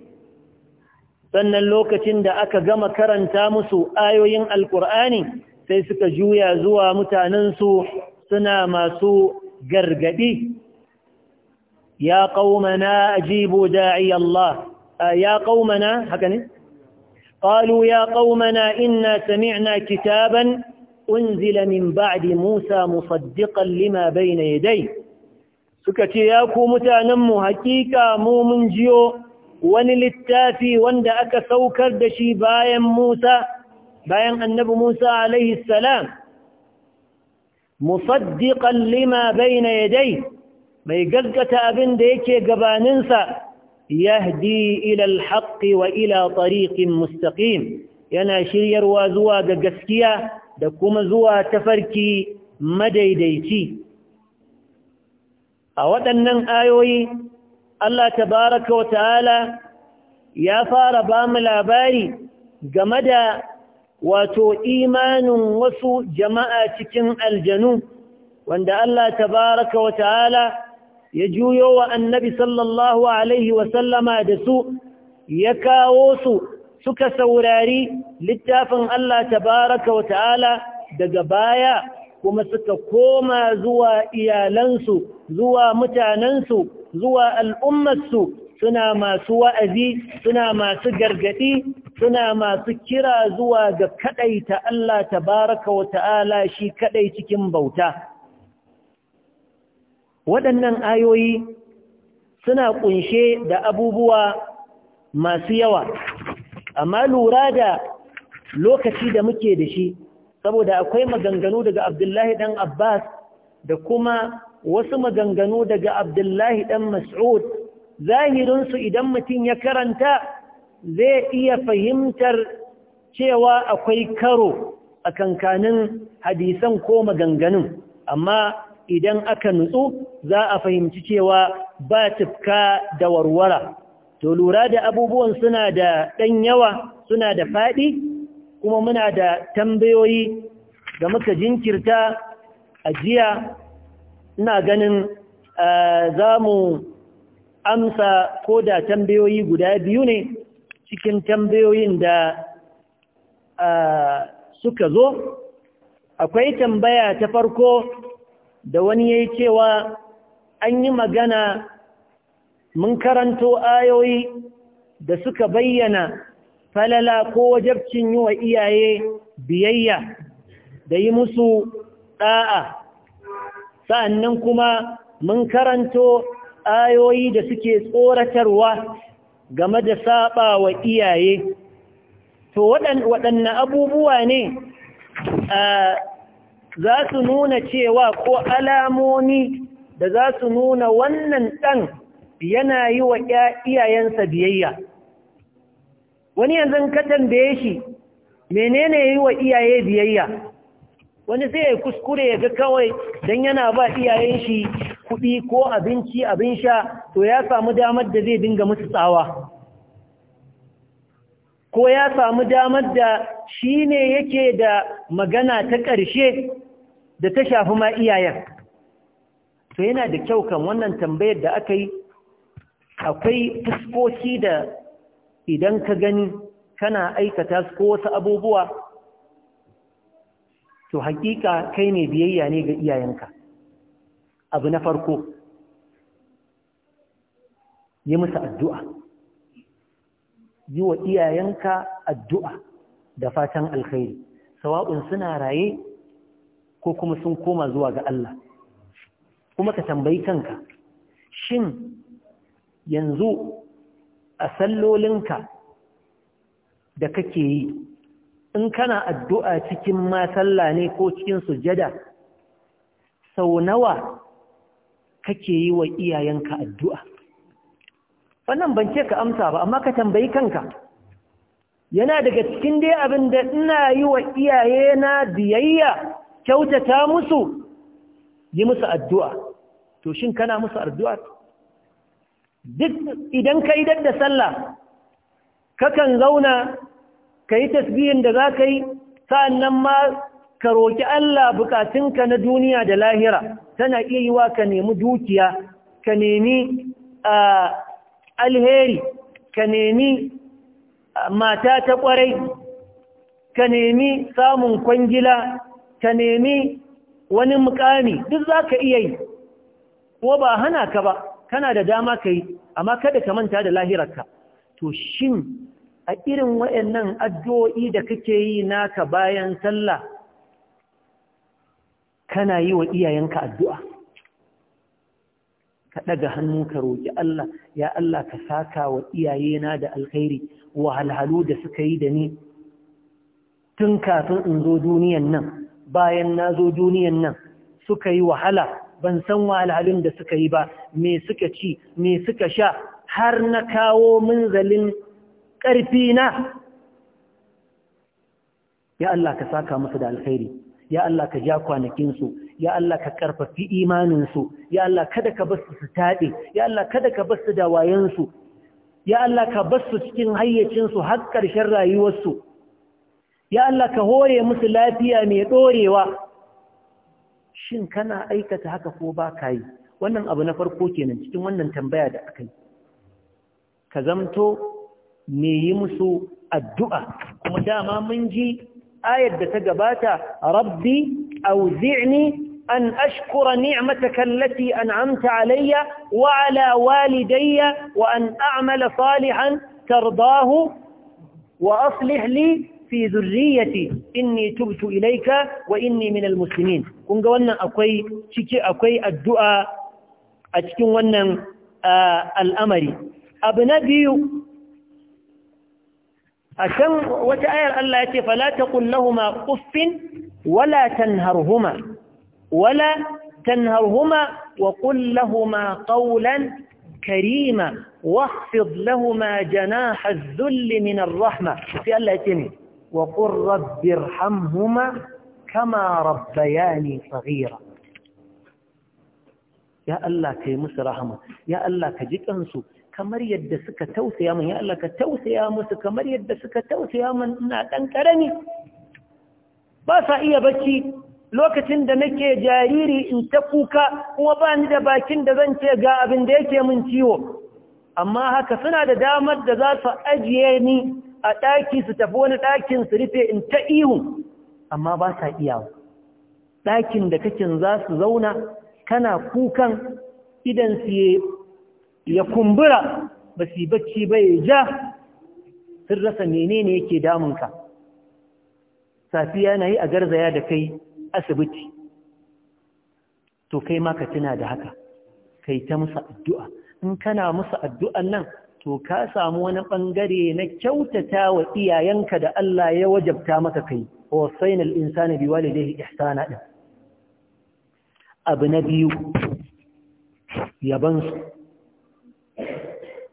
sannan lokacin da aka gama karanta musu ayoyin alƙur'ani sai suka juya zuwa mutanensu suna masu قرقدي يا قومنا أجيبوا داعي الله يا قومنا haka قالوا يا قومنا إنا سمعنا كتابا أنزل من بعد موسى مصدقا لما بين يديه سكتي ياكو متانم حقيقة مو جيو ونلتافي واند أكا سوكر دشي باين موسى باين النبو موسى عليه السلام musaddiqan lima bayna yadayhi mai gaggata abin da yake gabaninsa yahdi ila alhaqqi wa ila tariqin mustaqim yana shiryarwa zuwa ga gaskiya da kuma zuwa tafarki madaidaici a waɗannan ayoyi Allah tabaraka wa ta'ala ya fara bamu labari game da wato imanin wasu jama'a cikin aljanu wanda Allah baraka wa ta'ala ya juyo wa annabi sallallahu alaihi wasallama da su ya kawo su suka saurari littafin Allah tabaraka wa ta'ala daga baya kuma suka koma zuwa iyalansu zuwa mutanensu zuwa al'ummarsu suna masu wa'azi suna masu gargaɗi suna masu kira zuwa ga ta Allah Ta Baraka wa ta'ala shi kaɗai cikin bauta waɗannan ayoyi suna kunshe da abubuwa masu yawa amma lura da lokaci da muke da shi saboda akwai maganganu daga Abdullahi ɗan Abbas da kuma wasu maganganu daga Abdullahi ɗan Mas'ud zahirinsu idan mutum ya karanta zai iya fahimtar cewa akwai karo a kankanin hadisan ko maganganun amma idan aka nutsu za a fahimci cewa ba tufka da warwara to lura da abubuwan suna da ɗan yawa suna da faɗi kuma muna da tambayoyi da muka jinkirta a jiya ina ganin eh, za mu amsa ko da tambayoyi guda biyu ne cikin tambayoyin da suka zo akwai tambaya ta farko da wani ya cewa an yi magana mun karanto ayoyi da suka bayyana falala ko wajabcin yi wa iyaye biyayya da yi musu ɗa'a sa'annan kuma mun karanto ayoyi da suke tsoratarwa game da saba wa iyaye to waɗanne abubuwa ne za su nuna cewa ko alamomi da za su nuna wannan ɗan yana yi wa iyayensa biyayya wani yanzu ka tambaye shi menene yi wa iyaye biyayya wani sai ya kuskure ya ga kawai don yana ba iyayen shi kuɗi ko abinci abin sha to ya samu damar da zai dinga musu tsawa ko ya samu damar da shi ne yake da magana ta ƙarshe da ta shafi ma iyayen to yana da kyau kan wannan tambayar da aka yi akwai fuskoki da idan ka gani kana aikata su ko wasu abubuwa to hakika kai ne biyayya ne ga iyayenka abu na farko yi musu addu'a yi wa iyayenka addu'a da fatan alkhairi sawa'un suna raye ko kuma sun koma zuwa ga Allah kuma ka tambayi kanka shin yanzu a sallolinka da kake yi in kana addu'a cikin masalla ne ko cikin sujada sau nawa kake yi wa iyayenka addu'a wannan ban ce ka amsa ba amma ka tambayi kanka yana daga cikin dai abin da ina yi wa iyayena biyayya kyautata musu yi musu addu'a to shin kana musu addu'a duk idan ka idar da sallah kakan zauna ka yi tasbihin da za ka yi sa'an nan ma ka roƙi Allah bukatunka na duniya da lahira tana iya yi wa ka nemi dukiya ka nemi alheri ka nemi mata ta ƙwarai ka nemi samun kwangila ka nemi wani mukami duk za ka iya yi ko ba hana ka ba kana da dama ka yi amma kada ka manta da lahirarka to shin a irin waɗannan addu'o'i da kake yi naka bayan sallah kana yi wa iyayenka addu'a ka ɗaga hannu ka roƙi Allah ya Allah ka saka wa iyayena da alkhairi halhalu da suka yi da ni tun kafin in zo duniyan nan bayan na zo duniyan nan suka yi wahala ban san wahalhalun da suka yi ba me suka ci me suka sha har na kawo munzalin ƙarfi na ya Allah ka saka musu da alkhairi ya Allah ka ja kwanakinsu ya Allah ka karfafi imaninsu ya Allah kada ka basu su taɗe ya Allah kada ka basu da wayansu ya Allah ka basu cikin hayyacinsu har ƙarshen rayuwarsu ya Allah ka hore musu lafiya mai ɗorewa shin kana aikata haka ko ba ka yi wannan abu na farko kenan cikin wannan tambaya da aka yi ka zamto me yi musu addu'a kuma dama mun ji آية تقباتا ربي أوزعني أن أشكر نعمتك التي أنعمت علي وعلى والدي وأن أعمل صالحا ترضاه وأصلح لي في ذريتي إني تبت إليك وإني من المسلمين كنت وانا أكوي شكي أكوي الدعاء أتكون وانا آه، الأمر أبنبي أشم وتأير ألا يأتي فلا تقل لهما قف ولا تنهرهما ولا تنهرهما وقل لهما قولا كريما واخفض لهما جناح الذل من الرحمة في ألا يأتي وقل رب ارحمهما كما ربياني صغيرا يا الله كي مسرحمه يا الله كجيك أنسو kamar yadda suka tausaya min ya Allah ka tausaya musu kamar yadda suka tausaya min ina dan karami ba sa iya bacci lokacin da nake jariri in ta kuka kuma ba ni da bakin da zan ce ga abin da yake min ciwo amma haka suna da damar da za su ajiye ni a ɗaki su tafi wani dakin su rufe in ta ihu amma ba sa iyawa ɗakin da kakin za su zauna kana kukan idan su ya kumbura ba su bacci ba ya ja sun rasa menene yake damunka safiya na yi a garzaya da kai asibiti to kai ma ka tuna da haka kai ta musu addu'a in kana musu addu'an nan to ka samu wani ɓangare na kyautata wa iyayenka da Allah ya wajabta maka kai wa sainal insani bi walidayhi na din abu na biyu yabansu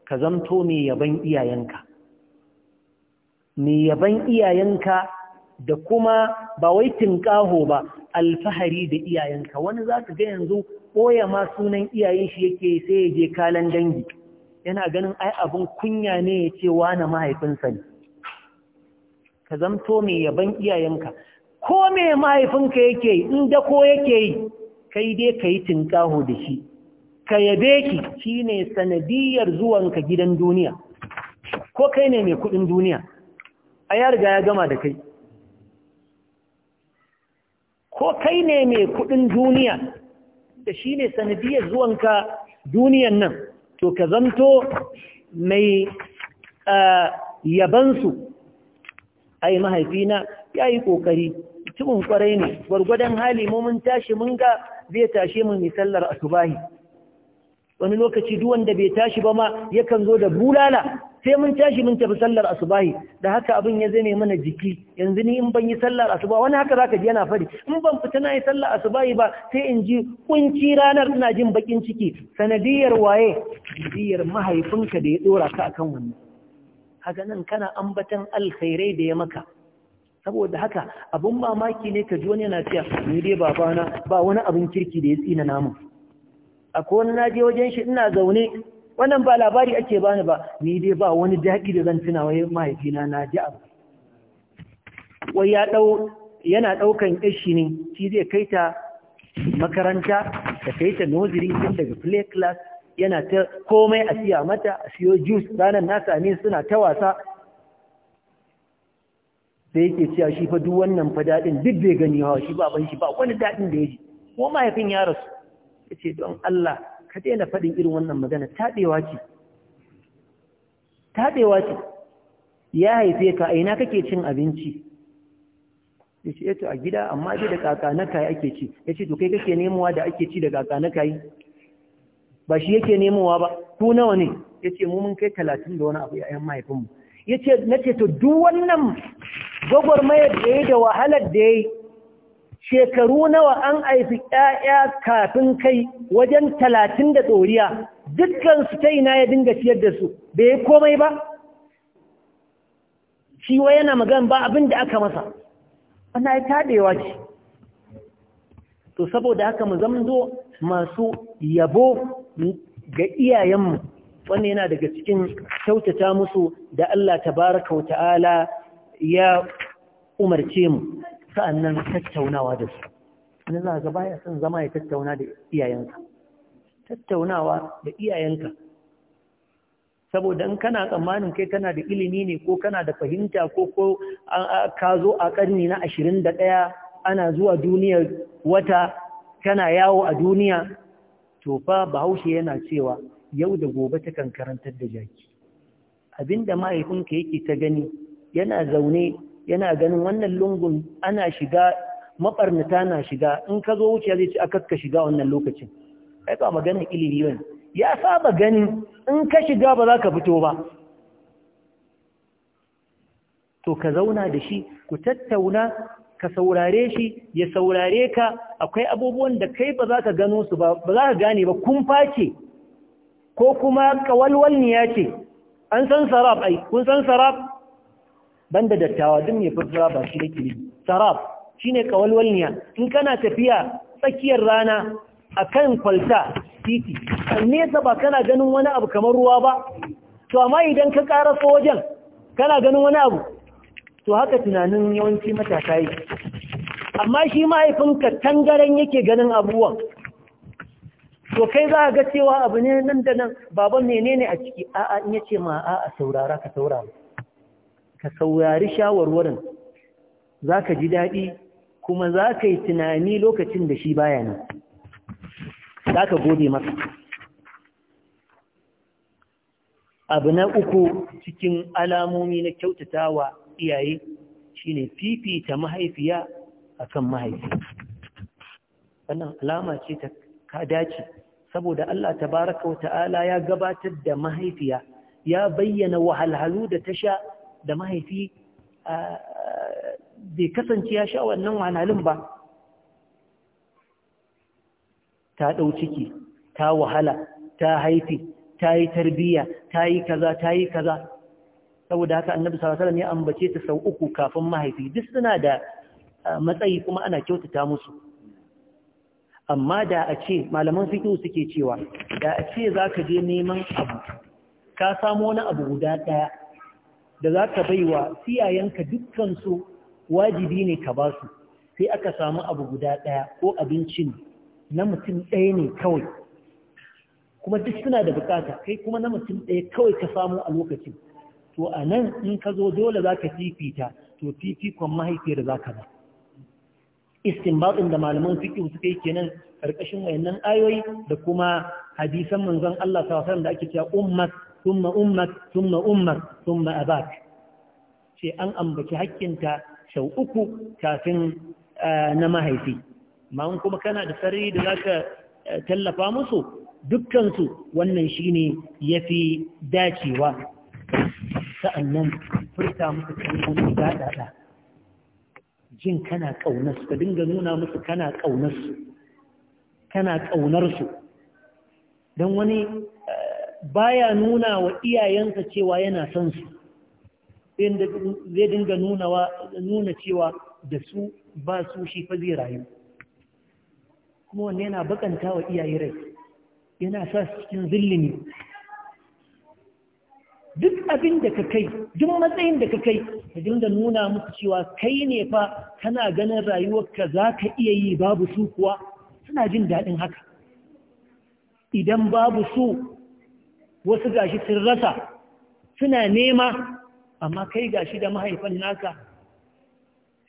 ka zamto mai yaban iyayenka mai yaban iyayenka da kuma ba wai tinkaho ba alfahari da iyayenka wani za ka ga yanzu koya ma sunan iyayen shi yake sai ya je kalan dangi yana ganin ai abin kunya ne ya ce na mahaifinsa ne ka zamto mai yaban iyayenka ko mai mahaifinka yake in da ko yake yi kai dai ka yi tinkaho da shi ka yabe ki shine sanadiyar zuwanka gidan duniya ko kai ne mai kudin duniya a ya riga ya gama da kai ko kai ne mai kudin duniya da shine sanadiyar zuwanka duniyan nan to ka zanto mai yabansu ai mahaifina ya yi ƙoƙari cikin kwarai ne gwargwadon hali mu mun tashi mun ga zai tashe mu sallar asubahi wani lokaci duk wanda bai tashi ba ma yakan zo da bulala sai mun tashi mun tafi sallar asubahi da haka abin ya zame mana jiki yanzu ni in ban yi sallar asuba wani haka zaka ji yana fari in ban fita na yi sallar asubahi ba sai in ji kunci ranar ina jin bakin ciki sanadiyar waye sanadiyar mahaifinka da ya dora ka akan wannan haka nan kana ambatan alkhairai da ya maka saboda haka abun mamaki ne ka ji wani yana cewa ni dai babana ba wani abin kirki da ya tsina namu akwai wani na je wajen shi ina zaune wannan ba labari ake bani ba ni dai ba wani daɗi da zan tuna wai mahaifina na ji abu wai ya ɗau yana ɗaukan ishi ne shi zai kai ta makaranta da kai ta nursery din daga play class yana ta komai a siya mata a siyo juice ranar na ne suna ta wasa sai yake cewa shi fa duk wannan fa daɗin duk bai gani ba shi ba ban shi ba wani daɗin da ya ji ko mahaifin ya rasu ya don Allah ka daina faɗin irin wannan magana taɗewa ce taɗewa ce ya haife ka a ina kake cin abinci ya ce eh a gida amma dai da kakanaka ake ci ya to kai kake nemowa da ake ci da kakanaka yi ba shi yake nemowa ba ku nawa ne ya ce mun kai talatin da wani abu yayan mahaifinmu ya ce to duk wannan gwagwarmayar da ya da wahalar da ya yi shekaru nawa an aifi ƴaƴa kafin kai wajen talatin da ɗoriya dukkan su ta ina ya dinga ciyar da su bai yi komai ba shi wa yana magana ba abin da aka masa ana ya taɗewa ce to saboda haka mu zamdo masu yabo ga iyayenmu wannan yana daga cikin kyautata musu da Allah tabaraka wa ta'ala ya umarce mu nan tattaunawa da su wani za ga baya son zama ya tattauna da iyayenka tattaunawa da iyayenka saboda in kana tsammanin kai kana da ilimi ne ko kana da fahimta ko ko ka zo a karni na ashirin da ɗaya ana zuwa duniya wata kana yawo a duniya to fa bahaushe yana cewa yau da gobe takan karantar da jaki abinda mahaifinka yake ta gani yana zaune yana ganin wannan lungun ana shiga mabarnata na shiga in ka zo wuce zai ci a ka shiga wannan lokacin ai ba maganar ilimi ne. ya saba ganin in ka shiga ba za ka fito ba to ka zauna da shi ku tattauna ka saurare shi ya saurare ka akwai abubuwan da kai ba za ka gano su ba ba za ka gane ba kun face ko kuma kawalwalniya ce an san sarab ai kun san sarab banda dattawa duk mai furfura ba shi da yi sarab shine kawalwalniya in kana tafiya tsakiyar rana akan kwalta titi nesa ba kana ganin wani abu kamar ruwa ba to amma idan ka ƙara wajen kana ganin wani abu to haka tunanin yawanci matasa yi amma shi mahaifinka tangaren yake ganin abubuwan to kai za ga cewa abu ne nan da nan baban menene a ciki a'a in yace ma a'a saurara ka saurara ka saurari shawarwarin za ka ji daɗi kuma za ka yi tunani lokacin da shi baya nan za ka gode maka abu na uku cikin alamomi na kyautata wa iyaye ne fifita mahaifiya akan mahaifi wannan alama ce ta ka saboda Allah tabaraka wa ta'ala ya gabatar da mahaifiya ya bayyana wahalhalu da ta sha da mahaifi bai kasance ya sha wannan wanalin ba ta ɗau ciki ta wahala ta haifi ta yi tarbiyya ta yi kaza ta yi kaza saboda haka annabi sallallahu alaihi wasallam ya ambace ta sau uku kafin mahaifi duk suna da matsayi kuma ana kyautata musu amma da a ce malaman fiqh suke cewa da a ce zaka je neman abu ka samu wani abu guda daya da za ka bai wa siyayenka dukkansu wajibi ne ka ba su sai aka samu abu guda ɗaya ko abinci na mutum ɗaya ne kawai kuma duk suna da bukata kai kuma na mutum ɗaya kawai ka samu a lokacin to a nan in ka zo dole za ka fifita to fifikon mahaifiyar za ka ba baɗin da malaman fikin suka yi kenan ƙarƙashin wayannan ayoyi da kuma hadisan manzon Allah sallallahu alaihi wasallam da ake cewa ummat thumma ummak thumma ummak thumma abak ce an ambaci haƙƙinka sau uku kafin eh, na mahaifi ma'an kuma kana da sarri da zaka eh, tallafa musu dukkansu wannan shine yafi dacewa sa'annan furta musu kalmomi daɗaɗa jin kana su. ka dinga nuna musu kana ƙaunarsu kana su. don wani baya nuna wa iyayensa cewa yana son su inda zai dinga nuna cewa da su ba su shi fa zai rayu kuma wanne yana bakanta wa iyaye rai yana sa su cikin zillini duk abin da ka kai duk matsayin da ka kai ka dinga nuna musu cewa kai ne fa kana ganin rayuwarka za ka iya yi babu su kuwa suna jin daɗin haka idan babu su wasu gashi sun rasa suna nema amma kai gashi da mahaifan naka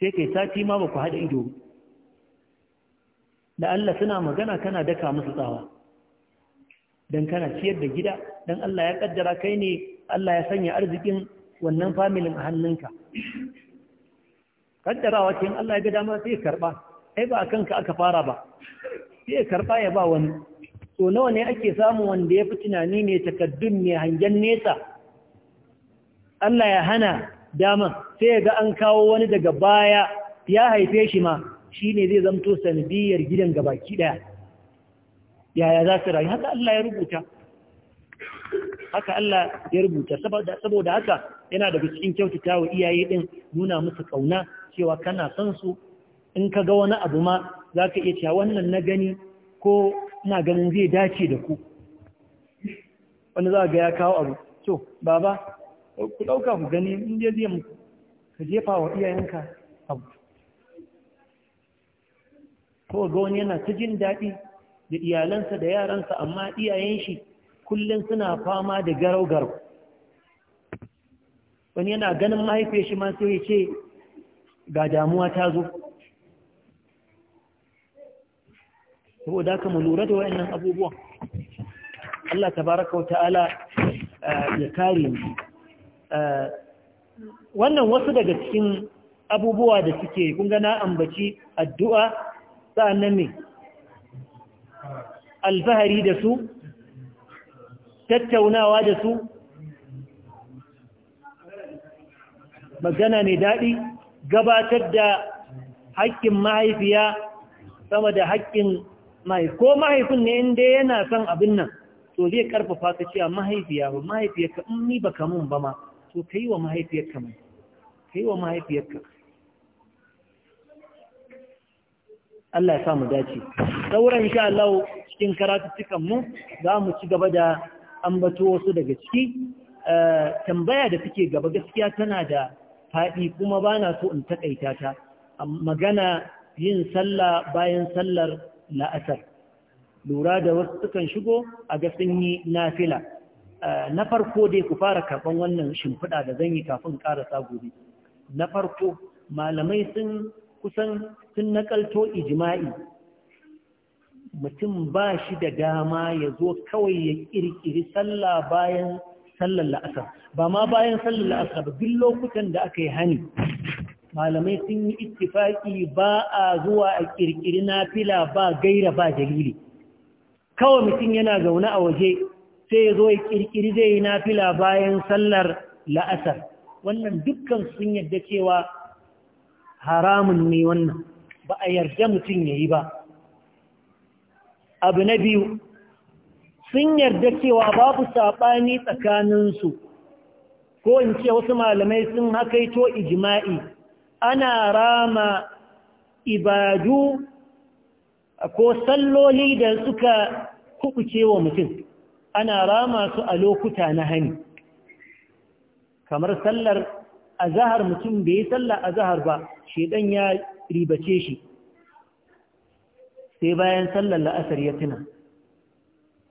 sai kai sati ma ku hada ido da Allah suna magana kana daka musu tsawa don kana ciyar da gida don Allah ya kaddara kai ne Allah ya sanya arzikin wannan familin a hannunka ƙaddarawa ce Allah ya ga dama sai ya karba ai ba a kanka aka fara ba sai ya karba ya ba wani to nawa ne ake samun wanda ya fi tunani mai takaddun mai hangen nesa Allah ya hana dama sai ga an kawo wani daga baya ya haife shi ma shi ne zai zamto sanadiyar gidan gabaki daya yaya za su rayu haka Allah ya rubuta haka Allah ya rubuta saboda haka yana daga cikin kyautata wa iyaye din nuna musu kauna cewa kana son su in ka ga wani abu ma za ka iya cewa wannan na gani ko ina ganin zai dace da ku wani za ga ya kawo abu to baba ku ɗauka ku gani inda zai muku ka jefa wa iyayenka abu ko ga wani yana ta jin daɗi da iyalansa da yaransa amma iyayen shi kullum suna fama da garau-garau wani yana ganin mahaifiyar shi ma sai ce ga damuwa ta zo saboda haka mu lura da wayannan abubuwan Allah tabaraka wa ta'ala eh, ya kare mu eh, wannan wasu daga cikin abubuwa da suke kun ga na ambaci addu'a sa'annan ne alfahari da su tattaunawa da su magana ne daɗi gabatar da haƙƙin mahaifiya sama da haƙƙin ko mahaifin ne inda yana son abin nan to zai karfafa ka cewa mahaifiya ba mahaifiyarka in ni baka mun ba ma to kai wa mahaifiyarka mai kai wa mahaifiyarka Allah ya sa mu dace sauran insha Allah cikin karatuttukan mu za mu ci gaba da ambato wasu daga ciki eh, tambaya da take gaba gaskiya tana da faɗi kuma bana so in takaita ta magana yin sallah bayan sallar la'asar lura da wasu sukan shigo a ga sun yi nafila eh, na farko dai ku fara karɓan wannan shimfiɗa da zan yi kafin ƙarasa gobe na farko malamai sun kusan sun nakalto ijima'i mutum ba shi da dama ya zo kawai ya ƙirƙiri sallah bayan sallar la'asar ba ma bayan sallar la'asar ba duk lokutan da aka yi hani malamai sun yi ittifaki ba a zuwa a kirkiri fila ba gaira ba dalili kawai mutum yana zaune a waje sai ya zo ya ƙirƙiri zai yi fila bayan sallar la'asar wannan dukkan sun yadda cewa haramun ne wannan ba a yarda mutum ya yi ba abu na biyu sun yarda cewa babu saɓani tsakaninsu ko in ce wasu malamai sun hakaito ijima'i ana rama ibadu ko salloli da suka kuɓuce wa mutum ana rama su a lokuta na hani kamar sallar a zahar mutum bai yi sallar zahar ba shedan ya ribace shi sai bayan sallar la'asar ya tuna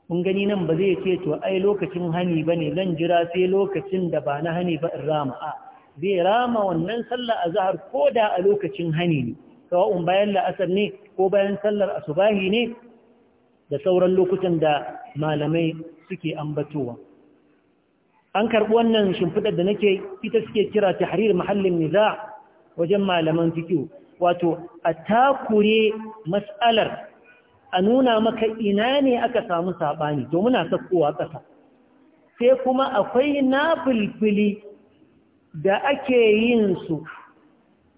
kun gani nan ba zai ce to ai lokacin hani ba ne zan jira sai lokacin da ba na hani ba in rama a zai rama wannan sallar azhar ko da a lokacin hani ne sawa'un bayan la'asar ne ko bayan sallar asubahi ne da sauran lokutan da malamai suke ambatowa an karɓi wannan shimfiɗar da nake ita suke kira tahrir mahallin niza wajen malaman fikiyu wato a takure mas'alar a nuna maka ina ne aka samu saɓani to muna sakkowa ƙasa sai kuma akwai na nafilfili da ake yin su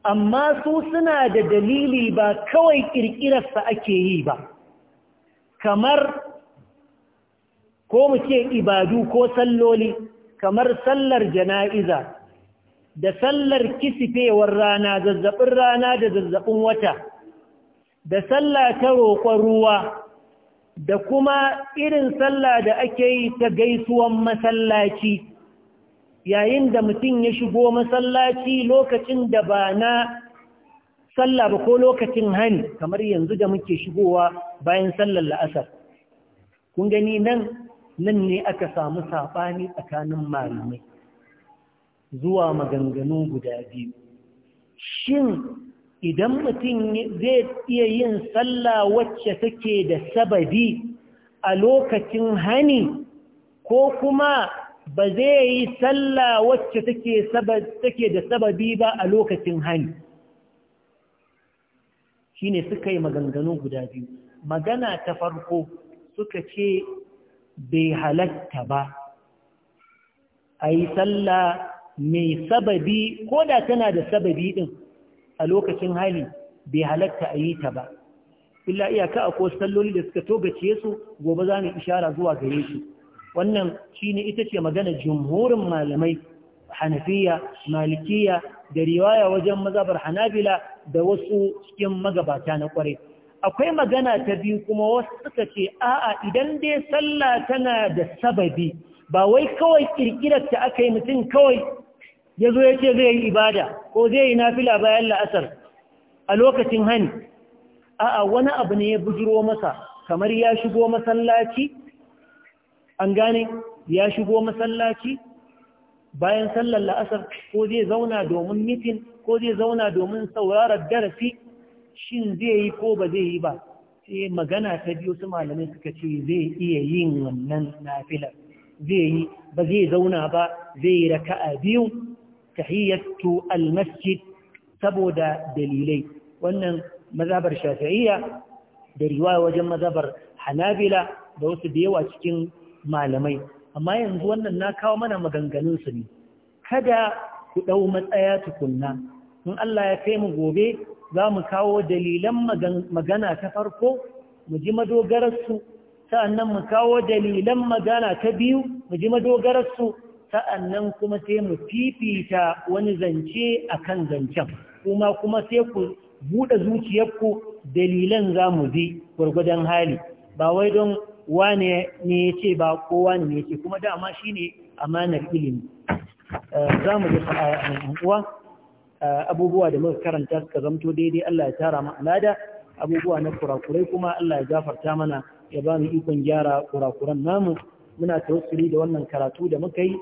amma su suna da dalili ba kawai ƙirƙirarsa ake yi ba kamar ko mu ce ibadu ko salloli kamar sallar jana'iza da sallar kisifewar rana zazzabin rana da zazzabin wata da sallah ta roƙon ruwa da kuma irin sallah da ake yi ta gaisuwan masallaci yayin da mutum ya shigo masallaci lokacin da ba na sallah ba ko lokacin hani kamar yanzu da muke shigowa bayan sallar la'asar kun gani nan nan ne aka samu saɓani tsakanin malamai zuwa maganganu guda biyu shin idan mutum zai iya yin sallah wacce take da sababi a lokacin hani ko kuma ba zai yi sallah wacce take da sababi ba a lokacin hani shi ne suka yi maganganu guda biyu magana ta farko suka ce bai halatta ba a yi sallah mai sababi ko da tana da sababi ɗin a lokacin hali bai halatta a yi ta ba illa iyaka a ko salloli da suka togace su gobe za mu ishara zuwa gare shi wannan shi ne ita ce magana jumhurin malamai hanafiya malikiya da riwaya wajen mazabar hanabila da wasu cikin magabata na kwarai akwai magana ta biyu kuma wasu suka ce a'a idan dai sallah tana da sababi ba wai kawai kirkirar ta aka yi mutum kawai ya zo ya ce zai yi ibada ko zai yi nafila bayan la'asar a lokacin hani a'a wani abu ne ya bujiro masa kamar ya shigo masallaci an gane ya shigo masallaci bayan sallar la'asar ko zai zauna domin mitin ko zai zauna domin saurarar darasi shin zai yi ko ba zai yi ba sai magana ta biyu su malamai suka ce zai iya yin wannan nafilar zai yi ba zai zauna ba zai yi raka a biyu ta tahiyyatu almasjid saboda dalilai wannan mazabar shafi'iyya da riwaya wajen mazabar hanabila da wasu da yawa cikin malamai amma yanzu wannan na kawo mana maganganunsu ne kada ku ɗau matsaya tukunna in Allah ya kai mu gobe za mu kawo dalilan magana ta farko mu ji madogararsu sa'annan mu kawo dalilan magana ta biyu mu ji madogararsu sa'annan kuma sai mu fifita wani zance akan zancen kuma kuma sai ku buɗe zuciyarku dalilan za mu ji gwargwadon hali ba wai don wane ne ya ce ba ko wane ne ya ce kuma dama shi ne amanar ilimi eh, za mu jefa a uwa eh, abubuwa da muka karanta suka zamto daidai Allah ya tara da abubuwa na kurakurai kuma Allah ya gafarta mana ya ba mu ikon gyara kurakuran namu muna tawassuli da wannan karatu da muka yi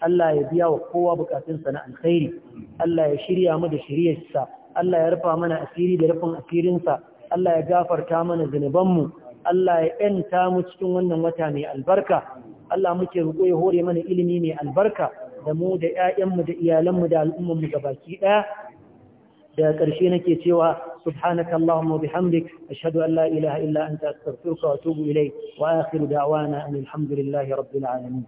Allah ya biya wa kowa bukatunsa na alkhairi Allah ya shirya mu da shiryarsa Allah ya rufa mana asiri da rufin asirinsa Allah ya gafarta mana zunubanmu Allah ya ‘yanta mu cikin wannan wata mai albarka, Allah muke roƙo ya hore mana ilimi mai albarka da mu da ‘ya'yanmu da iyalanmu da al'ummanmu ga baki ɗaya. Da ƙarshe nake cewa, Subhanaka Allahumma bihamdik, ashhadu an la ilaha illa anta astaghfiruka wa atubu ilayk wa akhiru da'wana alhamdulillahi rabbil alamin.